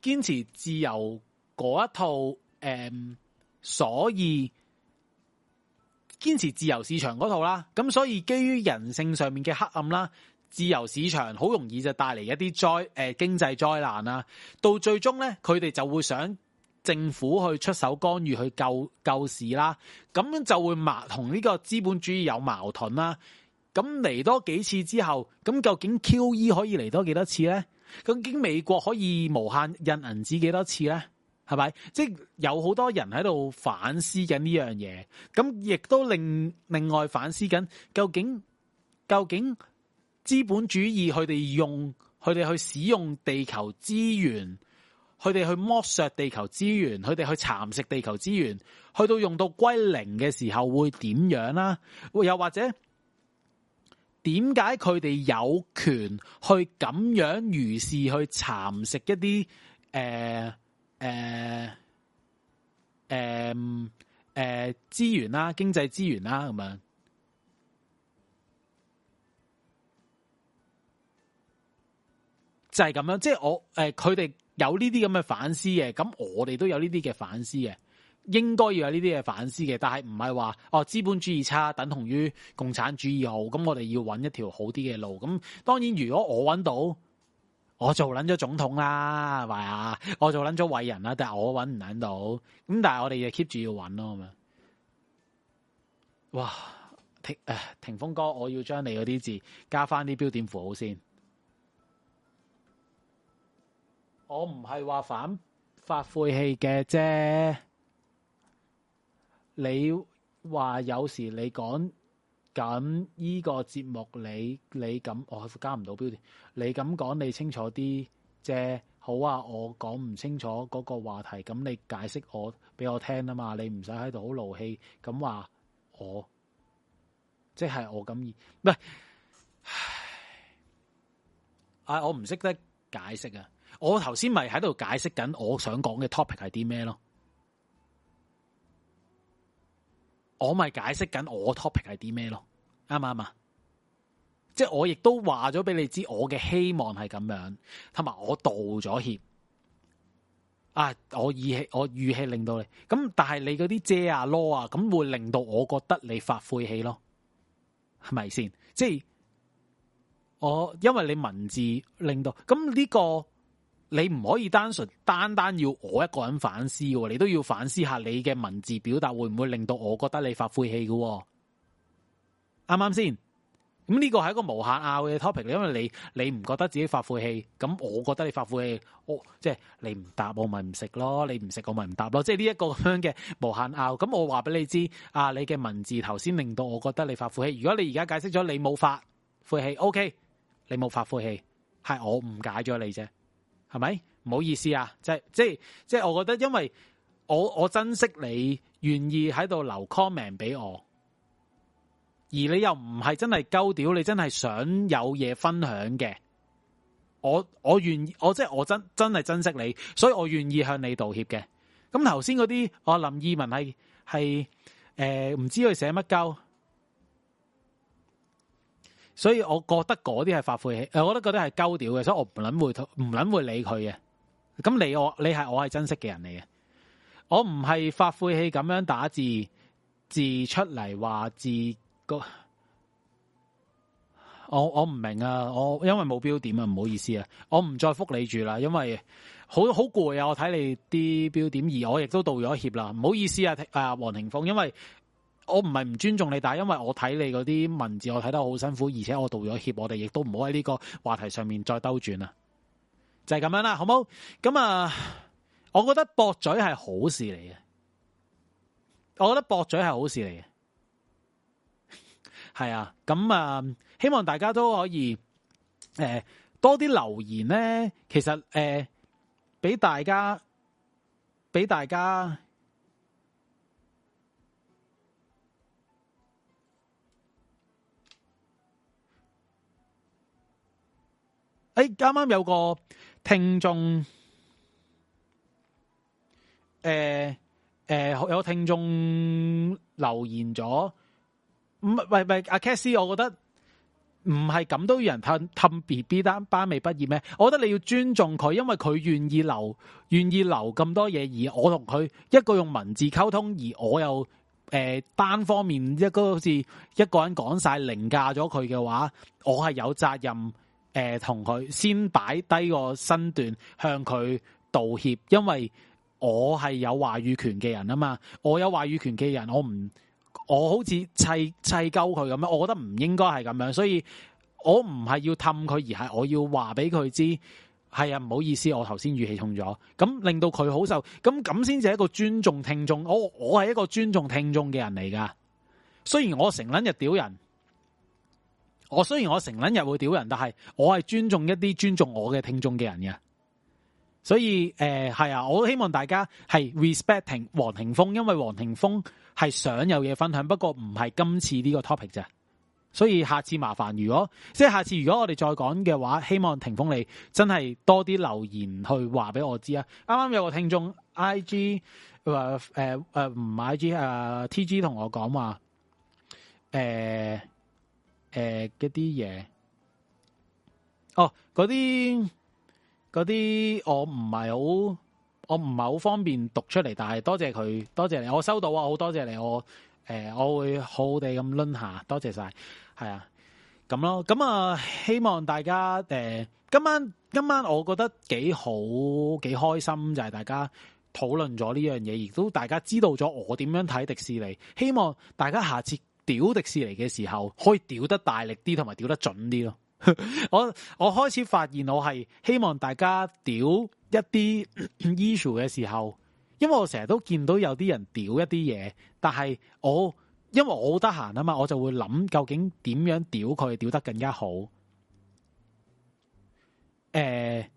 堅持自由嗰一套，誒，所以堅持自由市場嗰套啦。咁所以基於人性上面嘅黑暗啦，自由市場好容易就帶嚟一啲災誒，經濟災難啦，到最終呢，佢哋就會想。政府去出手干預去救救市啦，咁樣就會矛同呢個資本主義有矛盾啦。咁嚟多幾次之後，咁究竟 QE 可以嚟多幾多次咧？究竟美國可以無限印銀紙幾多次咧？係咪？即係有好多人喺度反思緊呢樣嘢，咁亦都另另外反思緊究竟究竟資本主義佢哋用佢哋去使用地球資源。佢哋去剝削地球資源，佢哋去蠶食地球資源，去到用到歸零嘅時候會點樣啦？會又或者點解佢哋有權去咁樣如是去蠶食一啲誒誒誒誒資源啦、經濟資源啦咁樣？就係、是、咁樣，即係我誒，佢、呃、哋。有呢啲咁嘅反思嘅，咁我哋都有呢啲嘅反思嘅，應該要有呢啲嘅反思嘅，但係唔係話哦資本主義差等同於共產主義好，咁我哋要揾一條好啲嘅路。咁當然如果我揾到，我就捻咗總統啦，係咪啊？我就捻咗偉人啦，但係我揾唔捻到，咁但係我哋就 keep 住要揾咯咁啊！哇，霆誒，呃、霆鋒哥，我要將你嗰啲字加翻啲標點符號先。我唔係話反發晦氣嘅啫，你話有時你講緊依個節目，你你咁我加唔到標點，你咁講你清楚啲啫。好啊，我講唔清楚嗰個話題，咁你解釋我俾我聽啦嘛。你唔使喺度好怒氣，咁話我即係、就是、我咁意。喂，唉，我唔識得解釋啊。我頭先咪喺度解釋緊，我想講嘅 topic 係啲咩咯？我咪解釋緊我 topic 係啲咩咯？啱唔啱？即係我亦都話咗俾你知，我嘅希望係咁樣，同埋我道咗歉。啊，我語氣我語氣令到你，咁但係你嗰啲遮啊囉啊，咁會令到我覺得你發晦氣咯，係咪先？即係我因為你文字令到，咁呢個。你唔可以單純單單要我一個人反思，你都要反思下你嘅文字表達會唔會令到我覺得你發晦氣嘅，哦，啱唔啱先？咁呢個係一個無限拗嘅 topic，因為你你唔覺得自己發晦氣，咁我覺得你發晦氣，我即係、就是、你唔答我咪唔食咯，你唔食我咪唔答咯，即係呢一個咁樣嘅無限拗。咁我話俾你知，啊，你嘅文字頭先令到我覺得你發晦氣。如果你而家解釋咗你冇發晦氣，OK，你冇發晦氣，係、okay，我誤解咗你啫。係咪唔好意思啊？即係即係即係，我覺得因為我我珍惜你願意喺度留 comment 俾我，而你又唔係真係鳩屌，你真係想有嘢分享嘅，我我願意，我即係我真真係珍惜你，所以我願意向你道歉嘅。咁頭先嗰啲，我林二汶係係誒，唔、呃、唔知佢寫乜鳩。所以我覺得嗰啲係發晦氣，呃、我都覺得係鳩屌嘅，所以我唔撚會唔撚會理佢嘅。咁你我你係我係珍惜嘅人嚟嘅，我唔係發晦氣咁樣打字字出嚟話字個。我我唔明啊，我因為冇標點啊，唔好意思啊，我唔再覆你住啦，因為好好攰啊，我睇你啲標點，而我亦都道咗歉啦，唔好意思啊，啊黃霆鋒，因為。我唔係唔尊重你，但係因為我睇你嗰啲文字，我睇得好辛苦，而且我道咗歉，我哋亦都唔好喺呢個話題上面再兜轉啦，就係、是、咁樣啦，好唔好？咁啊，我覺得駁嘴係好事嚟嘅，我覺得駁嘴係好事嚟嘅，係啊，咁啊，希望大家都可以，誒、呃，多啲留言咧，其實誒，俾、呃、大家，俾大家。誒，啱啱、哎、有個聽眾，誒、呃、誒、呃，有聽眾留言咗，唔係唔係阿、啊、Cassie 我覺得唔係咁都有人氹氹 BB 班班未畢業咩？我覺得你要尊重佢，因為佢願意留，願意留咁多嘢，而我同佢一個用文字溝通，而我又誒、呃、單方面一個好似一個人講晒凌駕咗佢嘅話，我係有責任。誒，同佢，呃，先擺低個身段向佢道歉，因為我係有話語權嘅人啊嘛，我有話語權嘅人，我唔，我好似砌砌鳩佢咁樣，我覺得唔應該係咁樣，所以我唔係要氹佢，而係我要話俾佢知，係啊，唔好意思，我頭先語氣重咗，咁令到佢好受，咁咁先至係一個尊重聽眾，我我係一個尊重聽眾嘅人嚟噶，雖然我成捻日屌人。我雖然我成捻日會屌人，但係我係尊重一啲尊重我嘅聽眾嘅人嘅，所以誒係、呃、啊,我希望大家係 respecting 黃庭峰，因為黃庭峰係想有嘢分享，不過唔係今次呢個 topic 啫，所以下次麻煩，如果即係下次如果我哋再講嘅話，希望庭峰你真係多啲留言去話俾我知啊！啱啱有個聽眾 I G 佢、呃、話誒、呃、誒唔係、呃、I G 啊、呃、T G 同我講話誒。呃誒，嗰啲嘢，哦，嗰啲嗰啲，我唔係好，我唔係好方便讀出嚟，但係多謝佢，多謝你，我收到啊，好多謝你，我誒、呃，我會好好哋咁論下，多謝晒，係啊，咁咯，咁、嗯、啊、呃，希望大家誒、呃，今晚今晚我覺得幾好，幾開心就係大家討論咗呢樣嘢，亦都大家知道咗我點樣睇迪士尼，希望大家下次。屌迪士尼嘅時候，可以屌得大力啲，同埋屌得準啲咯。 我我開始發現我係希望大家屌一啲 issue 嘅時候，因為我成日都見到有啲人屌一啲嘢，但係我因為我好得閒啊嘛，我就會諗究竟點樣屌佢，屌得更加好。誒、呃，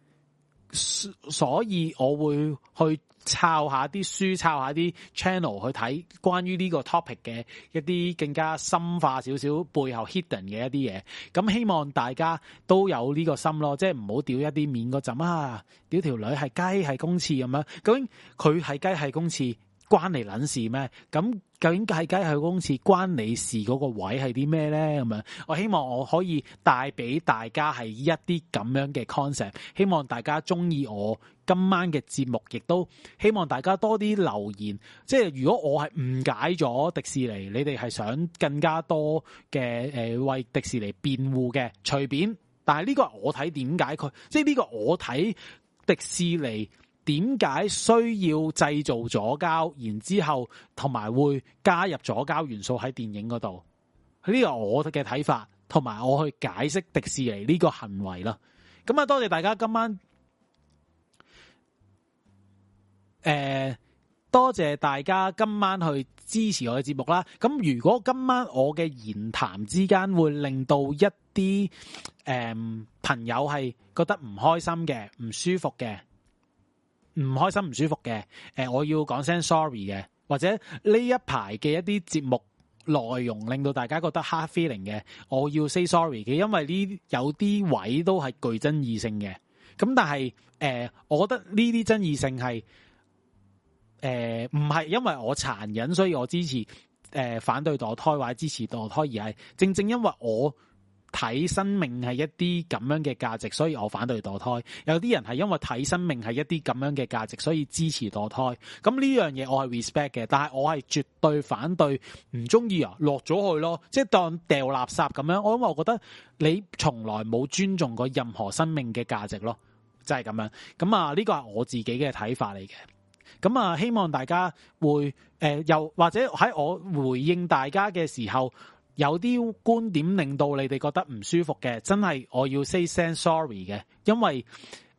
所以我會去。抄下啲書，抄下啲 channel 去睇關於呢個 topic 嘅一啲更加深化少少背後 hidden 嘅一啲嘢。咁希望大家都有呢個心咯，即係唔好屌一啲面嗰陣啊，屌條女係雞係公廁咁樣。究竟佢係雞係公廁？關你捻事咩？咁究竟喺雞去公廁關你事嗰個位係啲咩呢？咁樣，我希望我可以帶俾大家係一啲咁樣嘅 concept，希望大家中意我今晚嘅節目，亦都希望大家多啲留言。即係如果我係誤解咗迪士尼，你哋係想更加多嘅誒為迪士尼辯護嘅，隨便。但係呢個，個我睇點解佢，即係呢個我睇迪士尼。點解需要製造左膠，然之後同埋會加入左膠元素喺電影嗰度？呢個我嘅睇法，同埋我去解釋迪士尼呢個行為啦。咁啊，多謝大家今晚，誒、呃，多謝大家今晚去支持我嘅節目啦。咁如果今晚我嘅言談之間會令到一啲誒、呃、朋友係覺得唔開心嘅、唔舒服嘅，唔開心唔舒服嘅，誒，我要講聲 sorry 嘅，或者呢一排嘅一啲節目內容令到大家覺得 hard feeling 嘅，我要 say sorry 嘅，因為呢有啲位都係具爭議性嘅，咁但係誒，我覺得呢啲爭議性係誒唔係因為我殘忍，所以我支持誒反對墮胎或者支持墮胎而係，而係正正因為我。睇生命係一啲咁樣嘅價值，所以我反對墮胎。有啲人係因為睇生命係一啲咁樣嘅價值，所以支持墮胎。咁呢樣嘢我係 respect 嘅，但係我係絕對反對，唔中意啊落咗去咯，即係當掉垃圾咁樣。我因為我覺得你從來冇尊重過任何生命嘅價值咯，真係咁樣。咁啊，呢、呢個係我自己嘅睇法嚟嘅。咁啊，希望大家會、呃、又或者喺我回應大家嘅時候。有啲觀點令到你哋覺得唔舒服嘅，真係我要 say 聲 sorry 嘅，因為誒、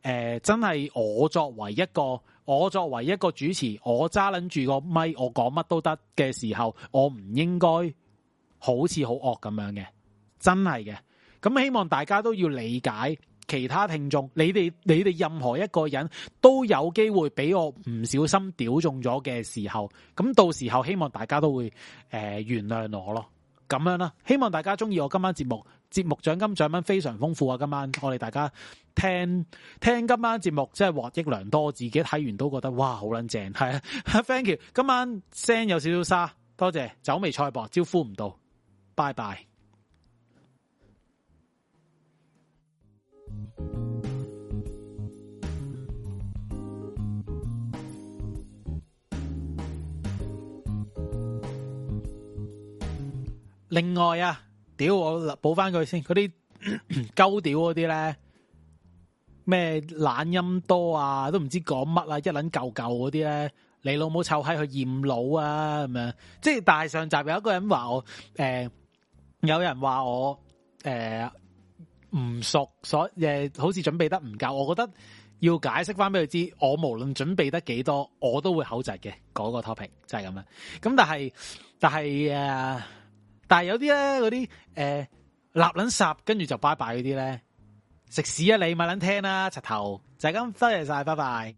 呃，真係我作為一個我作為一個主持，我揸捻住個咪，我講乜都得嘅時候，我唔應該好似好惡咁樣嘅，真係嘅。咁希望大家都要理解其他聽眾，你哋你哋任何一個人都有機會俾我唔小心屌中咗嘅時候，咁到時候希望大家都會誒、呃，原諒我咯。咁樣啦，希望大家中意我今晚節目，節目獎金獎品非常豐富啊！今晚我哋大家聽聽今晚節目，真係獲益良多，自己睇完都覺得哇好撚正，係啊！Thank you，今晚聲有少少沙，多謝，酒微菜薄招呼唔到，拜拜。另外啊，屌，我補翻佢先句。嗰啲鳩屌嗰啲咧，咩懶音多啊，都唔知講乜啊，一捻舊舊嗰啲咧，你老母臭閪去驗腦啊咁樣。即係大上集有一個人話我，誒、呃，有人話我誒唔、呃、熟，所誒、呃、好似準備得唔夠，我覺得要解釋翻俾佢知，我無論準備得幾多，我都會口窒嘅嗰個 topic 就係咁樣。咁但係但係誒。呃但係有啲咧，嗰啲誒立撚霎，跟、呃、住就拜拜嗰啲咧，食屎啊你，咪撚聽啦、啊，柒頭，就咁、是、多謝晒，拜拜。